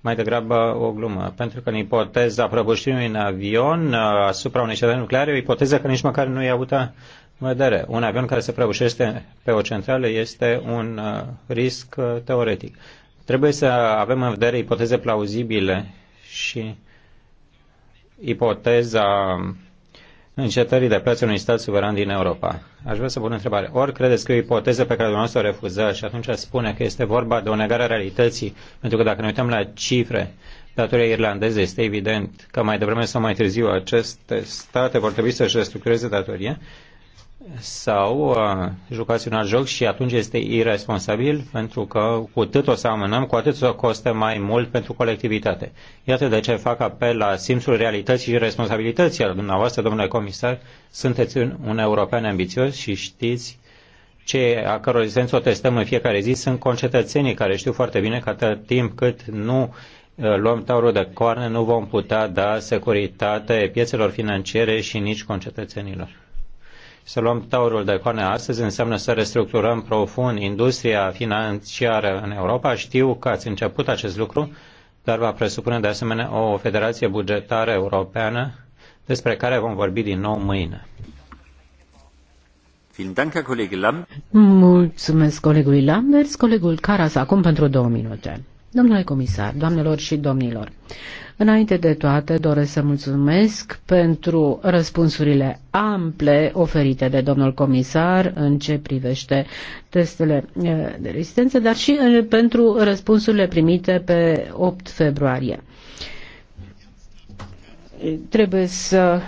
S1: mai degrabă o glumă, pentru că în ipoteza prăbușirii în avion uh, asupra unei centrale nucleare, o ipoteză că nici măcar nu e avută în vedere. Un avion care se prăbușește pe o centrală este un uh, risc uh, teoretic. Trebuie să avem în vedere ipoteze plauzibile și ipoteza încetării de preț unui stat suveran din Europa. Aș vrea să pun o întrebare. Ori credeți că e o ipoteză pe care dumneavoastră o refuză și atunci spune că este vorba de o negare a realității, pentru că dacă ne uităm la cifre, datoria irlandeză este evident că mai devreme sau mai târziu aceste state vor trebui să-și restructureze datoria sau uh, jucați un alt joc și atunci este irresponsabil pentru că cu atât o să amânăm, cu atât o să coste mai mult pentru colectivitate. Iată de ce fac apel la simțul realității și responsabilității al dumneavoastră, domnule comisar. Sunteți un european ambițios și știți ce a căror existență o testăm în fiecare zi sunt concetățenii care știu foarte bine că atât timp cât nu uh, luăm taurul de coarne, nu vom putea da securitate piețelor financiare și nici concetățenilor. Să luăm taurul de coane astăzi înseamnă să restructurăm profund industria financiară în Europa. Știu că ați început acest lucru, dar va presupune de asemenea o federație bugetară europeană despre care vom vorbi din nou mâine.
S2: Mulțumesc colegului Lambers, colegul Caras, acum pentru două minute. Domnule comisar, doamnelor și domnilor, Înainte de toate, doresc să mulțumesc pentru răspunsurile ample oferite de domnul comisar în ce privește testele eh, de rezistență, dar și eh, pentru răspunsurile primite pe 8 februarie. Trebuie să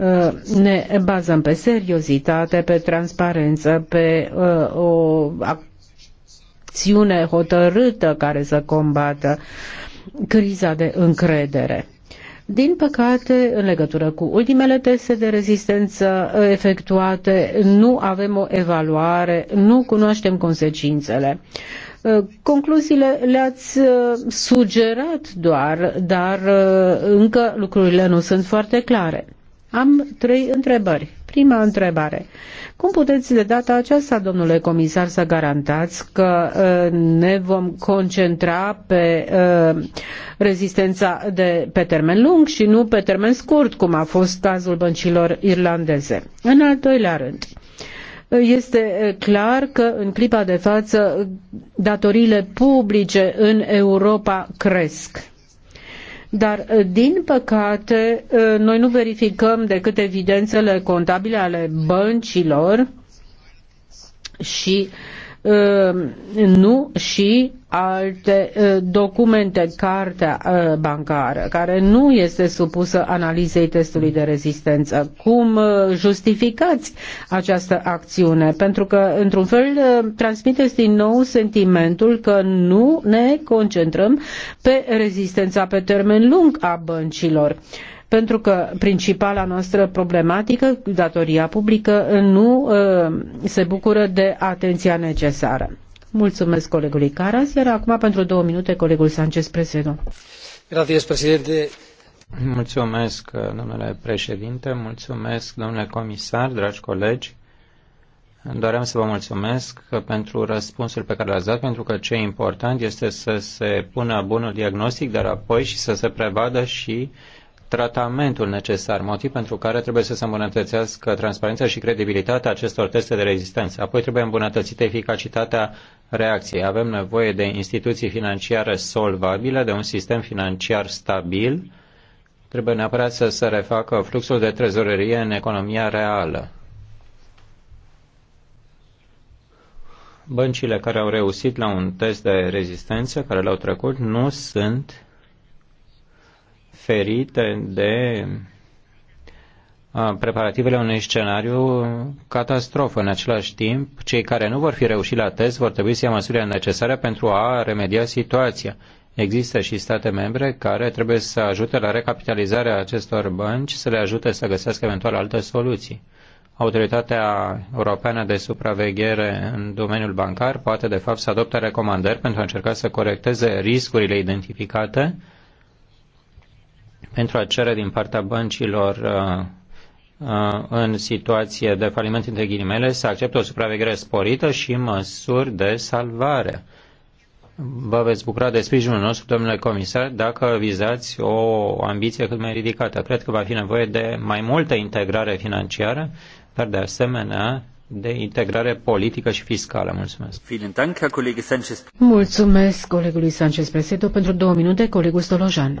S2: eh, ne bazăm pe seriozitate, pe transparență, pe o acțiune hotărâtă care să combată uh, criza de încredere. Din păcate, în legătură cu ultimele teste de rezistență uh, efectuate, nu avem o evaluare, nu cunoaștem consecințele. Uh, concluziile le-ați uh, sugerat doar, dar încă lucrurile nu sunt foarte clare. Am trei întrebări. Prima întrebare. Cum puteți de data aceasta, domnule comisar, să garantați că uh, ne vom concentra pe uh, rezistența de, pe termen lung și nu pe termen scurt, cum a fost cazul băncilor irlandeze? În al doilea rând, este uh, clar că în clipa de față datoriile publice în Europa cresc dar, ă, din păcate, ă, noi nu verificăm decât evidențele contabile ale băncilor și uh, Ehm, nu și alte eh, documente, cartea eh, bancară, care nu este supusă analizei testului de rezistență. Cum eh, justificați această acțiune? Pentru că, într-un fel, transmiteți din nou sentimentul că nu ne concentrăm pe rezistența pe termen lung a băncilor. Uh, pentru că principala noastră problematică, datoria publică, nu ă, se bucură de atenția necesară. Mulțumesc colegului Caras, iar acum pentru două minute colegul Sanchez Presedo.
S1: Gracias, presidente. Mulțumesc, domnule președinte, mulțumesc, domnule comisar, dragi colegi. Doream să vă mulțumesc pentru răspunsul pe care l-ați dat, pentru că ce e important este să se pună bunul diagnostic, dar apoi și să se prevadă și tratamentul necesar, motiv pentru care trebuie să se îmbunătățească transparența și credibilitatea acestor teste de rezistență. Apoi trebuie îmbunătățită eficacitatea reacției. Avem nevoie de instituții financiare solvabile, de un sistem financiar stabil. Trebuie neapărat să se refacă fluxul de trezorerie în economia reală. Băncile care au reușit la un test de rezistență, care l-au trecut, nu sunt ferite de preparativele unui scenariu catastrofă. În același timp, cei care nu vor fi reușit la test vor trebui să ia măsurile necesare pentru a remedia situația. Există și state membre care trebuie să ajute la recapitalizarea acestor bănci, să le ajute să găsească eventual alte soluții. Autoritatea Europeană de Supraveghere în domeniul bancar poate, de fapt, să adopte recomandări pentru a încerca să corecteze riscurile identificate pentru a cere din partea băncilor uh, uh, în situație de faliment între ghilimele să accepte o supraveghere sporită și măsuri de salvare. Vă veți bucura de sprijinul nostru, domnule comisar, dacă vizați o ambiție cât mai ridicată. Cred că va fi nevoie de mai multă integrare financiară, dar de asemenea de integrare politică și fiscală. Mulțumesc.
S2: Mulțumesc colegului Sanchez Presedo pentru două minute, colegul Stolojan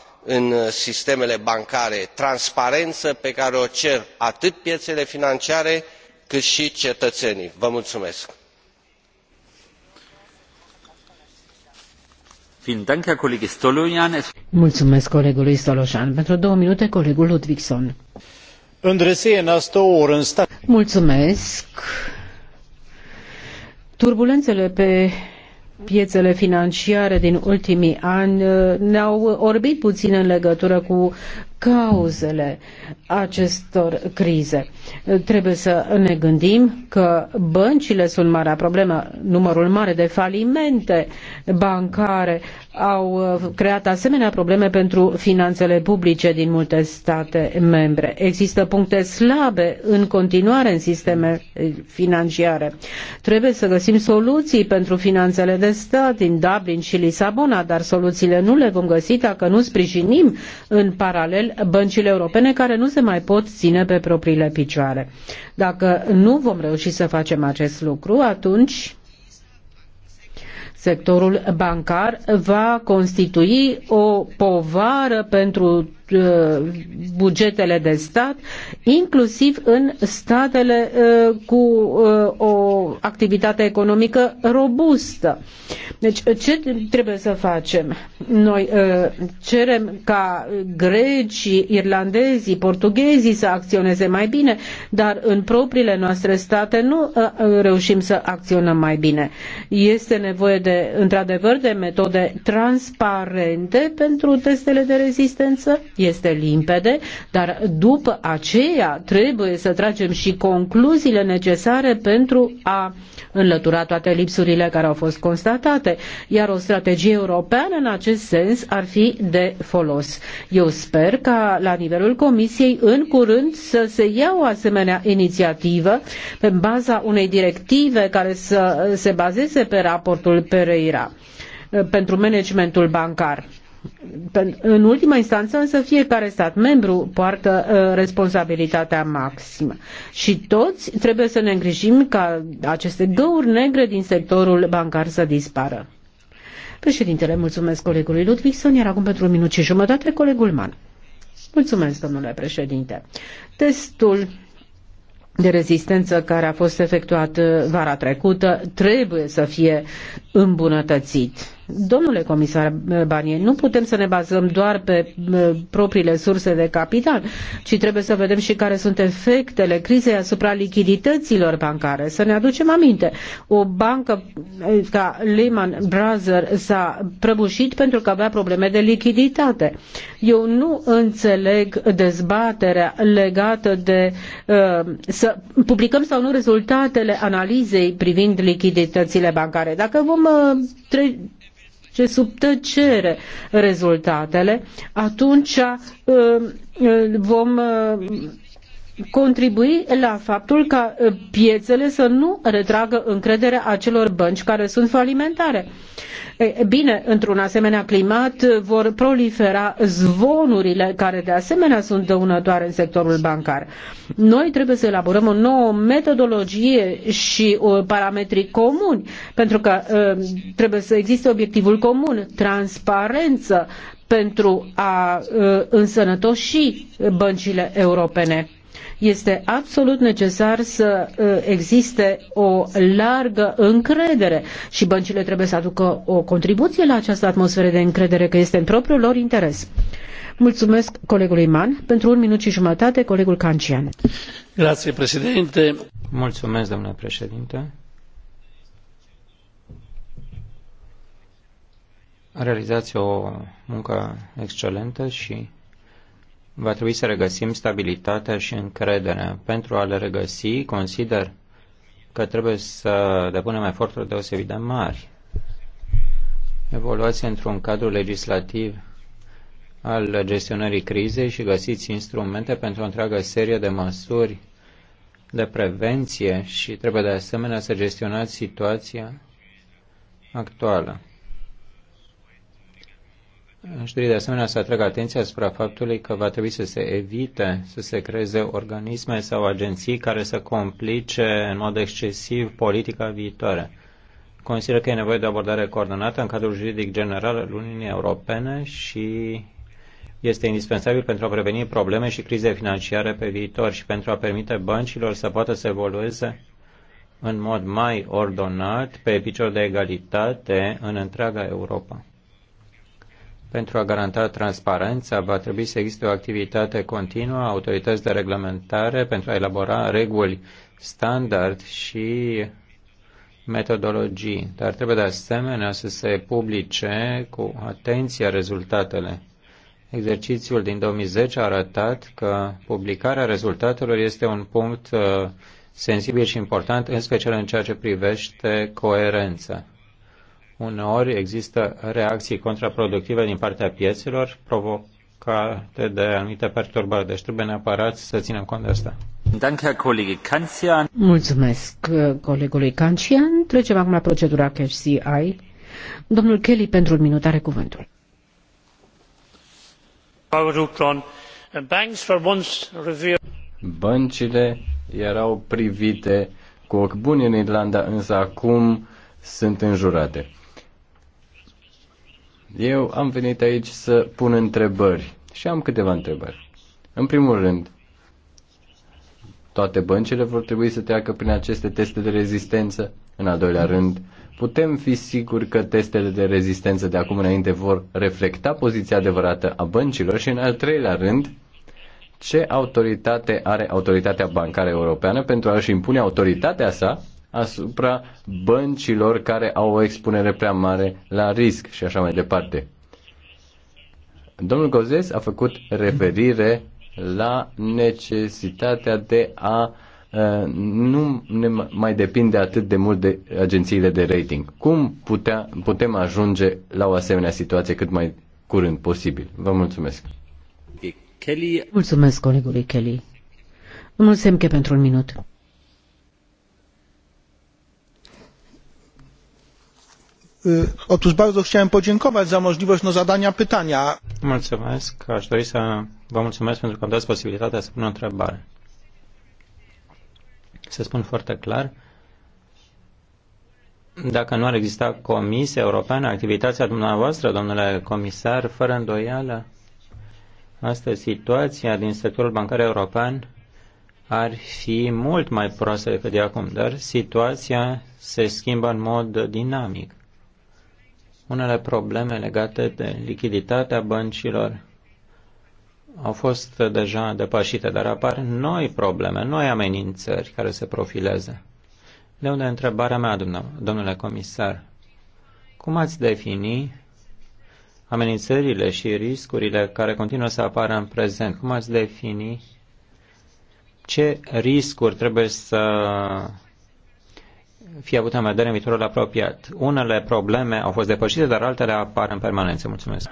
S4: în uh, sistemele bancare transparenă pe care o cer atât pieele financiare cât i cetăenii. vă Mulțumesc
S2: Pentru două minute, colegul Mulțumesc. Turbulențele pe piețele financiare din ultimii ani uh, ne-au orbit puțin în legătură cu cauzele acestor crize. Trebuie să ne gândim că băncile sunt marea problemă, numărul mare de falimente bancare au uh, creat asemenea probleme pentru finanțele publice din multe state membre. Există puncte slabe în continuare în sisteme financiare. Trebuie să găsim soluții pentru finanțele de stat din Dublin și Lisabona, dar soluțiile nu le vom găsi dacă nu sprijinim în paralel băncile europene care nu se mai pot ține pe propriile picioare. Dacă nu vom reuși să facem acest lucru, atunci sectorul bancar va constitui o povară pentru Uh, bugetele de stat, inclusiv în statele uh, cu uh, o activitate economică robustă. Deci ce trebuie să facem? Noi cerem ca grecii, irlandezii, portughezii să acționeze mai bine, dar în propriile noastre state nu reușim să acționăm mai bine. Este nevoie de, într-adevăr, de metode transparente pentru testele de rezistență, este limpede, dar după aceea trebuie să tragem și concluziile necesare pentru a înlătura toate lipsurile care au fost constatate, iar o strategie europeană în acest sens ar fi de folos. Eu sper ca la nivelul Comisiei în curând să se ia o asemenea inițiativă pe baza unei directive care să se bazeze pe raportul Pereira pentru managementul bancar. În ultima instanță, însă, fiecare stat membru poartă uh, responsabilitatea maximă. Și toți trebuie să ne îngrijim ca aceste găuri negre din sectorul bancar să dispară. Președintele, mulțumesc colegului Ludvigson, iar acum pentru un minut și jumătate, colegul Man. Mulțumesc, domnule președinte. Testul de rezistență care a fost efectuat vara trecută trebuie să fie îmbunătățit Domnule comisar Barnier, nu putem să ne bazăm doar pe propriile surse de capital, ci trebuie să vedem și care sunt efectele crizei asupra lichidităților bancare. Să ne aducem aminte, o bancă eh, ca Lehman Brothers s-a prăbușit pentru că avea probleme de lichiditate. Eu nu înțeleg dezbaterea legată de eh, să publicăm sau nu rezultatele analizei privind lichiditățile bancare. Dacă vom eh, tre- trece sub tăcere rezultatele, atunci uh, uh, vom uh, contribui la faptul ca piețele să nu retragă încrederea acelor bănci care sunt falimentare. E, bine, într-un asemenea climat vor prolifera zvonurile care de asemenea sunt dăunătoare în sectorul bancar. Noi trebuie să elaborăm o nouă metodologie și o parametri comuni, pentru că e, trebuie să existe obiectivul comun, transparență pentru a însănătoși băncile europene. Este absolut necesar să uh, existe o largă încredere și băncile trebuie să aducă o contribuție la această atmosferă de încredere că este în propriul lor interes. Mulțumesc colegului Man. Pentru un minut și jumătate, colegul Cancian.
S1: Grație, președinte. Mulțumesc, domnule președinte. realizați o muncă excelentă și va trebui să regăsim stabilitatea și încrederea. Pentru a le regăsi, consider că trebuie să depunem eforturi deosebit de mari. Evoluați într-un cadru legislativ al gestionării crizei și găsiți instrumente pentru o întreagă serie de măsuri de prevenție și trebuie de asemenea să gestionați situația actuală. Aș dori de asemenea să atrag atenția asupra faptului că va trebui să se evite să se creeze organisme sau agenții care să complice în mod excesiv politica viitoare. Consider că e nevoie de o abordare coordonată în cadrul juridic general al Uniunii Europene și este indispensabil pentru a preveni probleme și crize financiare pe viitor și pentru a permite băncilor să poată să evolueze în mod mai ordonat, pe picior de egalitate, în întreaga Europa. Pentru a garanta transparența, va trebui să existe o activitate continuă a autorități de reglementare pentru a elabora reguli standard și metodologii, dar trebuie de asemenea să se publice cu atenție rezultatele. Exercițiul din 2010 a arătat că publicarea rezultatelor este un punct uh, sensibil și important, în special în ceea ce privește coerența. Uneori există reacții contraproductive din partea piețelor provocate de anumite perturbări, deci trebuie neapărat să ținem cont de asta.
S2: Mulțumesc colegului Cancian. Trecem acum la procedura cash CI. Domnul Kelly, pentru un minut, are cuvântul.
S3: Băncile erau privite cu ochi buni în Irlanda, însă acum sunt înjurate. Eu am venit aici să pun întrebări și am câteva întrebări. În primul rând, toate băncile vor trebui să treacă prin aceste teste de rezistență. În al doilea rând, putem fi siguri că testele de rezistență de acum înainte vor reflecta poziția adevărată a băncilor și în al treilea rând, ce autoritate are autoritatea bancară europeană pentru a-și impune autoritatea sa asupra băncilor care au o expunere prea mare la risc și așa mai departe. Domnul Gozes a făcut referire la necesitatea de a uh, nu ne mai depinde atât de mult de agențiile de rating. Cum putea, putem ajunge la o asemenea situație cât mai curând posibil? Vă mulțumesc.
S2: Kelly. Mulțumesc colegului Kelly. Mulțumesc pentru un minut. Otóż bardzo chciałem
S4: podziękować za możliwość no, zadania pytania.
S1: Mulțumesc. Aș dori să vă mulțumesc pentru că am dat posibilitatea să pun o întrebare. Să spun foarte clar, dacă nu ar exista Comisia Europeană, activitatea dumneavoastră, domnule comisar, fără îndoială, astăzi situația din sectorul bancar european ar fi mult mai proastă decât de acum, dar situația se schimbă în mod dinamic. Unele probleme legate de lichiditatea băncilor au fost deja depășite, dar apar noi probleme, noi amenințări care se profilează. De unde întrebarea mea, domnule comisar? Cum ați defini amenințările și riscurile care continuă să apară în prezent? Cum ați defini ce riscuri trebuie să fi avut în vedere în viitorul apropiat. Unele probleme au fost depășite, dar altele apar în permanență. Mulțumesc.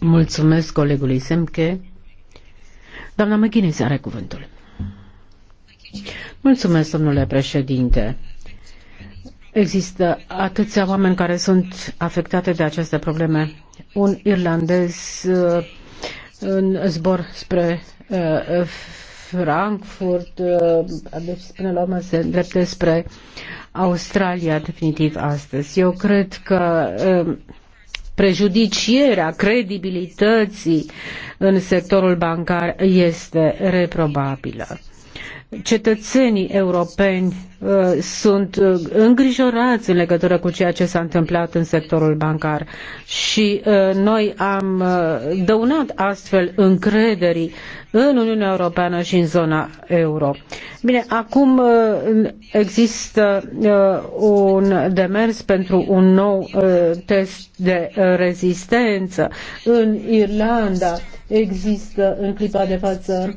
S2: Mulțumesc colegului Semke. Doamna McGuinness are cuvântul. Mulțumesc, domnule președinte. Există atâția oameni care sunt afectate de aceste probleme. Un irlandez uh, în zbor spre uh, Frankfurt, uh, deci până la urmă se îndrepte spre Australia definitiv astăzi. Eu cred că uh, prejudicierea credibilității în sectorul bancar este reprobabilă cetățenii europeni uh, sunt uh, îngrijorați în legătură cu ceea ce s-a întâmplat în sectorul bancar și uh, noi am dăunat astfel încrederii în Uniunea Europeană și în zona euro. Bine, acum există un demers pentru un nou test de rezistență. În Irlanda există în clipa de față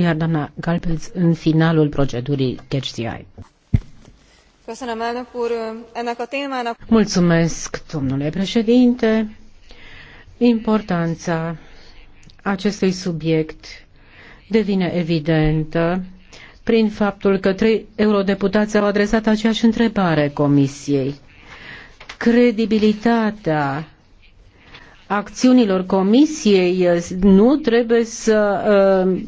S2: iar doamna Galpeț, în finalul procedurii Catch the Eye. Mulțumesc, domnule președinte. Importanța acestui subiect devine evidentă prin faptul că trei eurodeputați au adresat aceeași întrebare Comisiei. Credibilitatea acțiunilor Comisiei eh, nu trebuie să uh,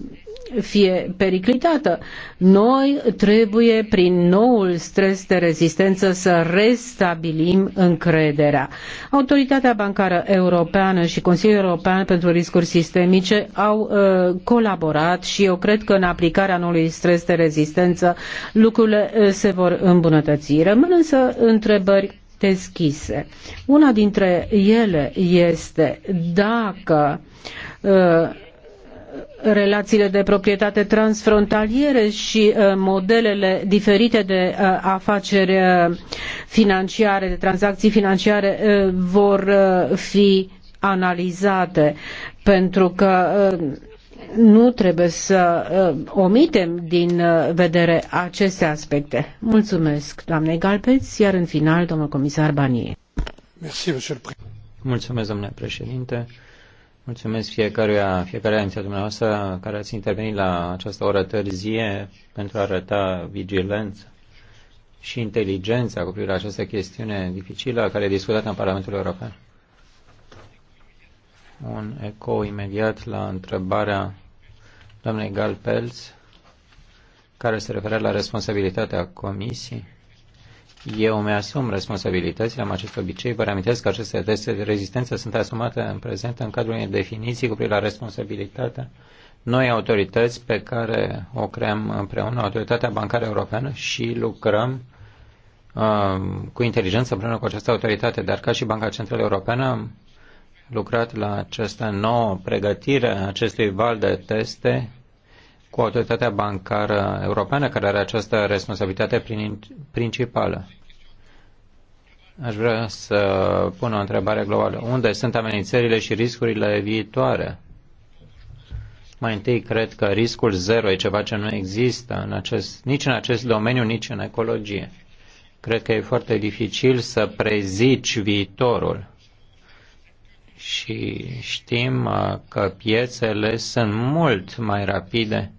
S2: fie periclitată. Noi trebuie prin noul stres de rezistență să restabilim încrederea. Autoritatea Bancară Europeană și Consiliul European pentru Riscuri Sistemice au uh, colaborat și eu cred că în aplicarea noului stres de rezistență lucrurile uh, se vor îmbunătăți. Rămân însă întrebări deschise. Una dintre ele este dacă uh, relațiile de proprietate transfrontaliere și uh, modelele diferite de uh, afaceri uh, financiare, de tranzacții financiare vor fi analizate pentru că nu trebuie să omitem din vedere aceste aspecte. Mulțumesc, doamnei Galpeți, iar în final, domnul comisar Banie.
S1: Mulțumesc, domnule președinte. Mulțumesc fiecăruia, fiecare dintre dumneavoastră care ați intervenit la această oră târzie pentru a arăta vigilență și inteligența cu privire la această chestiune dificilă care e discutată în Parlamentul European. Un eco imediat la întrebarea doamnei Galpelz, care se referă la responsabilitatea Comisiei. Eu mi-asum responsabilitățile, am acest obicei. Vă reamintesc că aceste teste de rezistență sunt asumate în prezent în cadrul unei definiții cu privire la responsabilitatea noi autorități pe care o creăm împreună, Autoritatea Bancară Europeană, și lucrăm uh, cu inteligență împreună cu această autoritate. Dar ca și Banca Centrală Europeană am lucrat la această nouă pregătire a acestui val de teste cu autoritatea bancară europeană care are această responsabilitate principală. Aș vrea să pun o întrebare globală. Unde sunt amenințările și riscurile viitoare? Mai întâi, cred că riscul zero e ceva ce nu există în acest, nici în acest domeniu, nici în ecologie. Cred că e foarte dificil să prezici viitorul. Și știm uh, că piețele sunt mult mai rapide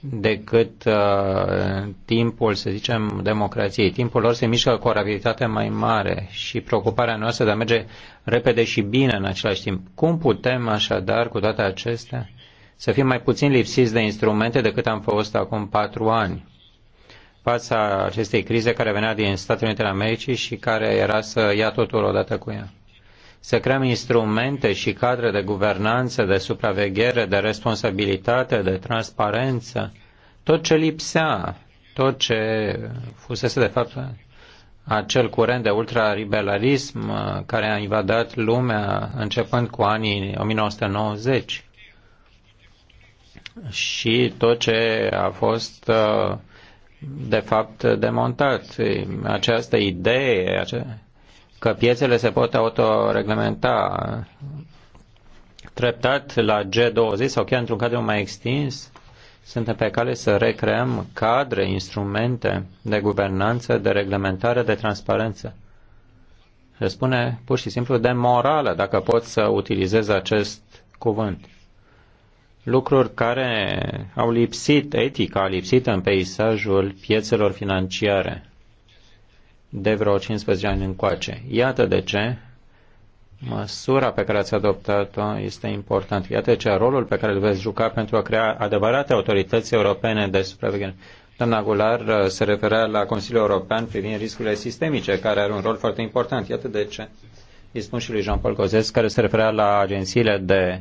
S1: decât uh, timpul, să zicem, democrației. Timpul lor se mișcă cu o rapiditate mai mare și preocuparea noastră de a merge repede și bine în același timp. Cum putem așadar, cu toate acestea, să fim mai puțin lipsiți de instrumente decât am fost acum patru ani? fața acestei crize care venea din Statele Unite ale Americii și care era să ia totul odată cu ea să creăm instrumente și cadre de guvernanță, de supraveghere, de responsabilitate, de transparență, tot ce lipsea, tot ce fusese de fapt acel curent de ultraliberalism uh, care a invadat lumea începând cu anii 1990 și tot ce a fost uh, de fapt demontat. Această idee că piețele se pot autoreglementa treptat la G20 sau chiar într-un cadru mai extins, suntem pe cale să recreăm cadre, instrumente de guvernanță, de reglementare, de transparență. Se spune pur și simplu de morală, dacă pot să utilizez acest cuvânt. Lucruri care au lipsit, etica a lipsit în peisajul piețelor financiare de vreo 15 ani încoace. Iată de ce măsura pe care ați adoptat-o este importantă. Iată de ce rolul pe care îl veți juca pentru a crea adevărate autorități europene de supraveghere. Doamna Gular uh, se referea la Consiliul European privind riscurile sistemice, care are un rol foarte important. Iată de ce îi spun și lui Jean-Paul Gozes, care se referea la agențiile de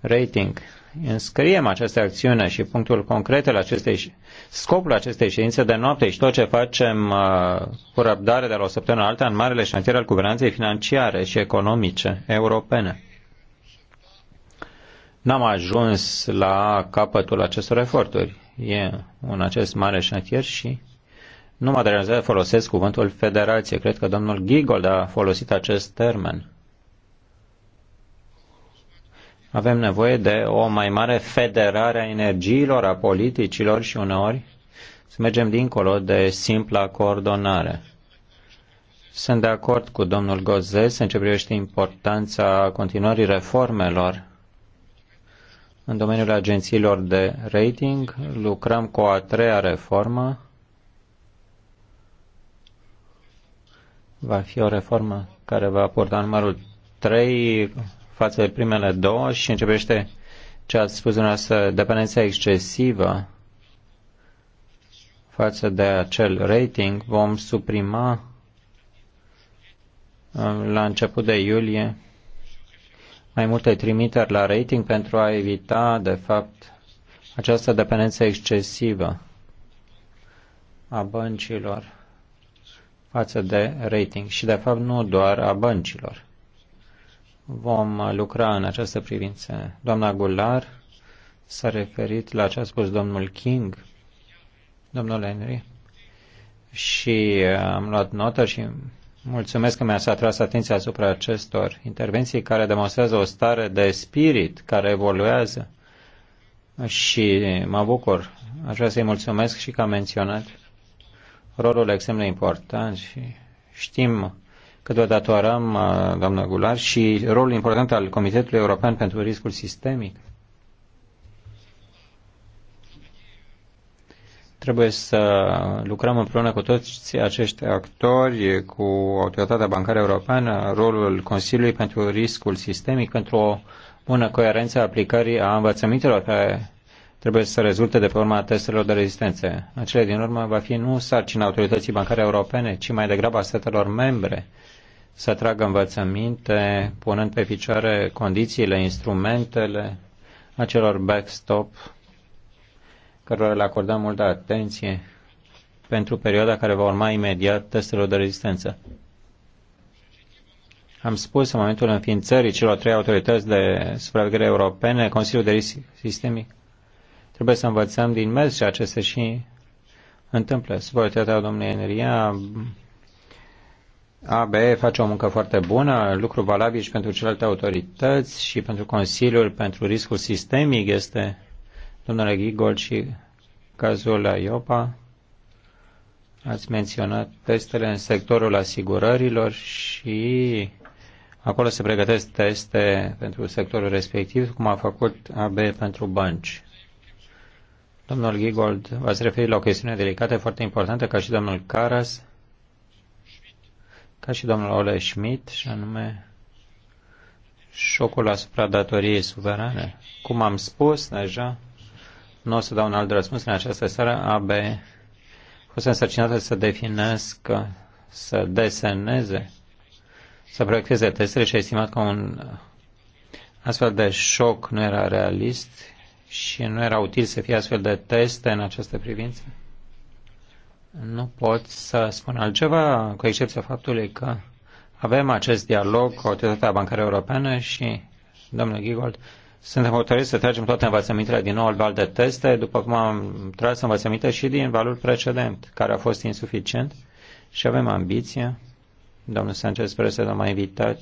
S1: rating înscriem această acțiune și punctul concret al acestei, scopul acestei ședințe de noapte și tot ce facem uh, cu răbdare de la o săptămână alta în marele șantier al guvernanței financiare și economice europene. N-am ajuns la capătul acestor eforturi. E un acest mare șantier și nu mă deranjează folosesc cuvântul federație. Cred că domnul Gigol a folosit acest termen avem nevoie de o mai mare federare a energiilor, a politicilor și uneori să mergem dincolo de simpla coordonare. Sunt de acord cu domnul Gozes în ce privește importanța continuării reformelor în domeniul agențiilor de rating. Lucrăm cu a treia reformă. Va fi o reformă care va aporta numărul 3 față de primele două și începește ce ați spus dumneavoastră, dependența excesivă față de acel rating, vom suprima uh, la început de iulie mai multe trimiteri la rating pentru a evita, de fapt, această dependență excesivă a băncilor față de rating și, de fapt, nu doar a băncilor vom lucra în această privință. Doamna Gular s-a referit la ce a spus domnul King, domnul Henry, și uh, am luat notă și mulțumesc că mi a atras atenția asupra acestor intervenții care demonstrează o stare de spirit care evoluează și mă bucur. Aș vrea să-i mulțumesc și că a menționat rolul extrem de important și știm câteodată arăm, uh, doamnă Gular, și rolul important al Comitetului European pentru Riscul Sistemic. Trebuie să lucrăm împreună cu toți acești actori, cu Autoritatea Bancară Europeană, rolul Consiliului pentru Riscul Sistemic, pentru o bună coerență a aplicării a învățămintelor care trebuie să rezulte de pe urma testelor de rezistență. Acele din urmă va fi nu sarcina autorității bancare europene, ci mai degrabă a statelor membre să tragă învățăminte, punând pe picioare condițiile, instrumentele acelor backstop cărora le acordăm multă atenție pentru perioada care va urma imediat testelor de rezistență. Am spus în momentul înființării celor trei autorități de supraveghere europene, Consiliul de Risc Sistemic, trebuie să învățăm din mers ceea ce și întâmplă. Subalitatea domnului Enria, ABE face o muncă foarte bună, lucru valabil și pentru celelalte autorități și pentru Consiliul pentru riscul sistemic este domnule Gigol și cazul la IOPA. Ați menționat testele în sectorul asigurărilor și acolo se pregătesc teste pentru sectorul respectiv, cum a făcut AB pentru bănci. Domnul Gigold, v-ați referit la o chestiune delicată, foarte importantă, ca și domnul Caras ca și domnul Ole Schmidt, și anume șocul asupra datoriei suverane. Cum am spus deja, nu o să dau un alt răspuns în această seară, AB a fost însărcinată să definească, să deseneze, să proiecteze testele și a estimat că un astfel de șoc nu era realist și nu era util să fie astfel de teste în această privință. Nu pot să spun altceva, cu excepția faptului că avem acest dialog cu Autoritatea Bancară Europeană și, domnule Gigold, suntem autorizați să tragem toate învățămintele din nou val de teste, după cum am tras învățăminte și din valul precedent, care a fost insuficient și avem ambiție. Domnul Sanchez Presedo m-a invitat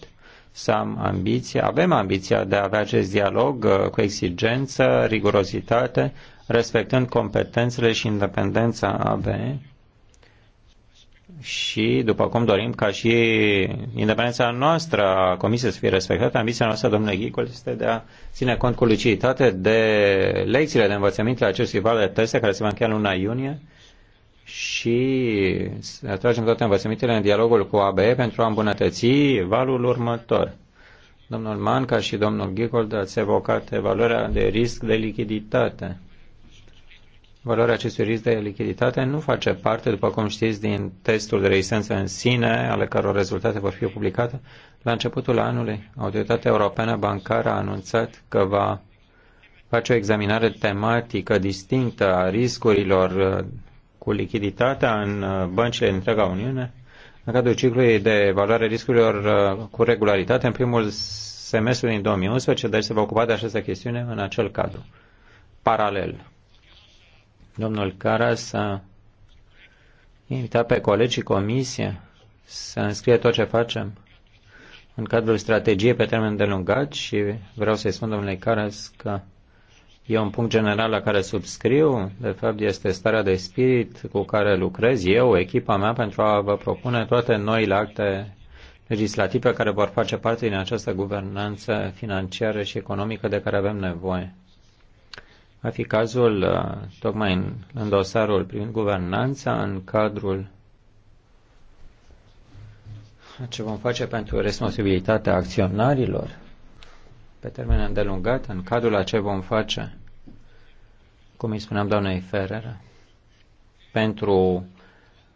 S1: să am ambiție. Avem ambiția de a avea acest dialog uh, cu exigență, rigurozitate, respectând competențele și independența ABE și, după cum dorim, ca și independența noastră a Comisiei să fie respectată, ambiția noastră, domnule Ghicol, este de a ține cont cu luciditate de lecțiile de învățăminte la acestui val de teste care se va încheia în luna iunie și să atragem toate învățămintele în dialogul cu ABE pentru a îmbunătăți valul următor. Domnul Manca și domnul Ghicold ați evocat evaluarea de risc de lichiditate Valoarea acestui risc de lichiditate nu face parte, după cum știți, din testul de rezistență în sine, ale căror rezultate vor fi publicate. La începutul anului, Autoritatea Europeană Bancară a anunțat că va face o examinare tematică distinctă a riscurilor uh, cu lichiditatea în uh, băncile din întreaga Uniune, în cadrul ciclului de valoare riscurilor uh, cu regularitate, în primul semestru din 2011, deci se va ocupa de această chestiune în acel cadru. Paralel. Domnul Caras a invitat pe colegii comisie să înscrie tot ce facem în cadrul strategiei pe termen de lungat și vreau să-i spun domnului Caras că e un punct general la care subscriu. De fapt, este starea de spirit cu care lucrez eu, echipa mea, pentru a vă propune toate noile acte legislative care vor face parte din această guvernanță financiară și economică de care avem nevoie. Va fi cazul uh, tocmai în, în dosarul privind guvernanța, în cadrul ce vom face pentru responsabilitatea acționarilor pe termen îndelungat, în cadrul a ce vom face, cum îi spuneam doamnei Ferrer, pentru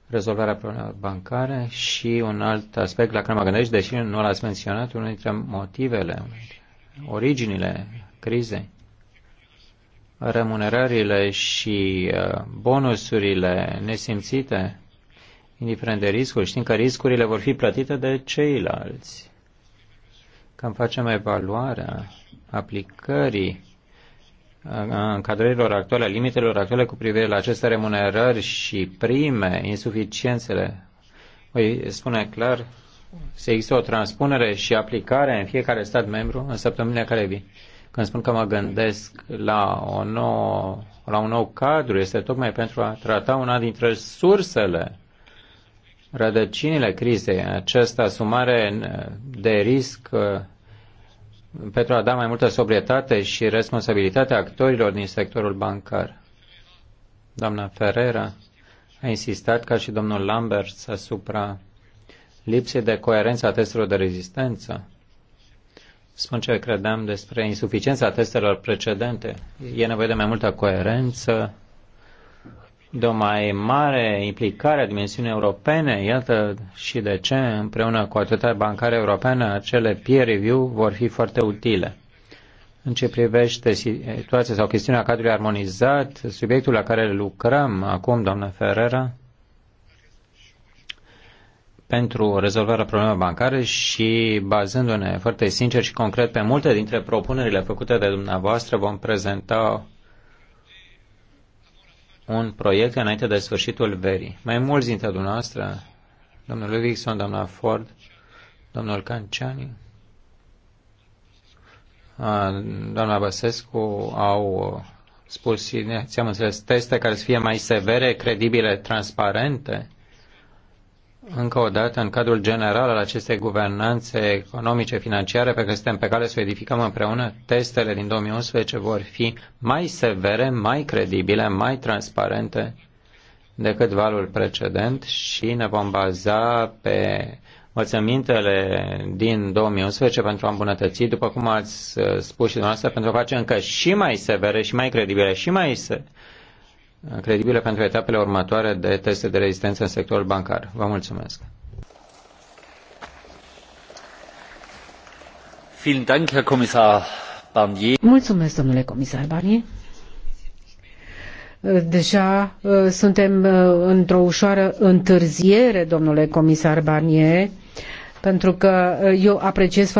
S1: rezolvarea problemelor bancare și un alt aspect la care mă gândesc, deși nu l-ați menționat, unul dintre motivele, originile crizei remunerările și uh, bonusurile nesimțite, indiferent de riscuri, știm că riscurile vor fi plătite de ceilalți. Când facem evaluarea aplicării uh, încadrărilor actuale, limitelor actuale cu privire la aceste remunerări și prime, insuficiențele, voi spune clar, se există o transpunere și aplicare în fiecare stat membru în săptămâna care vine. Când spun că mă gândesc la, o nouă, la un nou cadru, este tocmai pentru a trata una dintre sursele, rădăcinile crizei, această asumare de risc uh, pentru a da mai multă sobrietate și responsabilitate actorilor din sectorul bancar. Doamna Ferreira a insistat ca și domnul Lambert asupra lipsei de coerență a testelor de rezistență spun ce credeam despre insuficiența testelor precedente. E nevoie de mai multă coerență, de o mai mare implicare a dimensiunii europene. Iată și de ce, împreună cu atâta bancară europeană, acele peer review vor fi foarte utile. În ce privește situația sau chestiunea cadrului armonizat, subiectul la care lucrăm acum, doamnă Ferrera, pentru rezolvarea problemelor bancare și bazându-ne foarte sincer și concret pe multe dintre propunerile făcute de dumneavoastră, vom prezenta un proiect înainte de sfârșitul verii. Mai mulți dintre dumneavoastră, domnul Livingston, doamna Ford, domnul Canciani, doamna Băsescu, au spus, ți-am înțeles, teste care să fie mai severe, credibile, transparente, încă o dată, în cadrul general al acestei guvernanțe economice, financiare, pe care suntem pe cale să o edificăm împreună, testele din 2011 vor fi mai severe, mai credibile, mai transparente decât valul precedent și ne vom baza pe învățămintele din 2011 pentru a îmbunătăți, după cum ați uh, spus și dumneavoastră, pentru a face încă și mai severe și mai credibile și mai se- credibile pentru etapele următoare de teste de rezistență în sectorul bancar. Vă mulțumesc!
S2: Mulțumesc, domnule comisar Barnier. Deja uh, suntem uh, într-o ușoară întârziere, domnule comisar Barnier, pentru că uh, eu apreciez foarte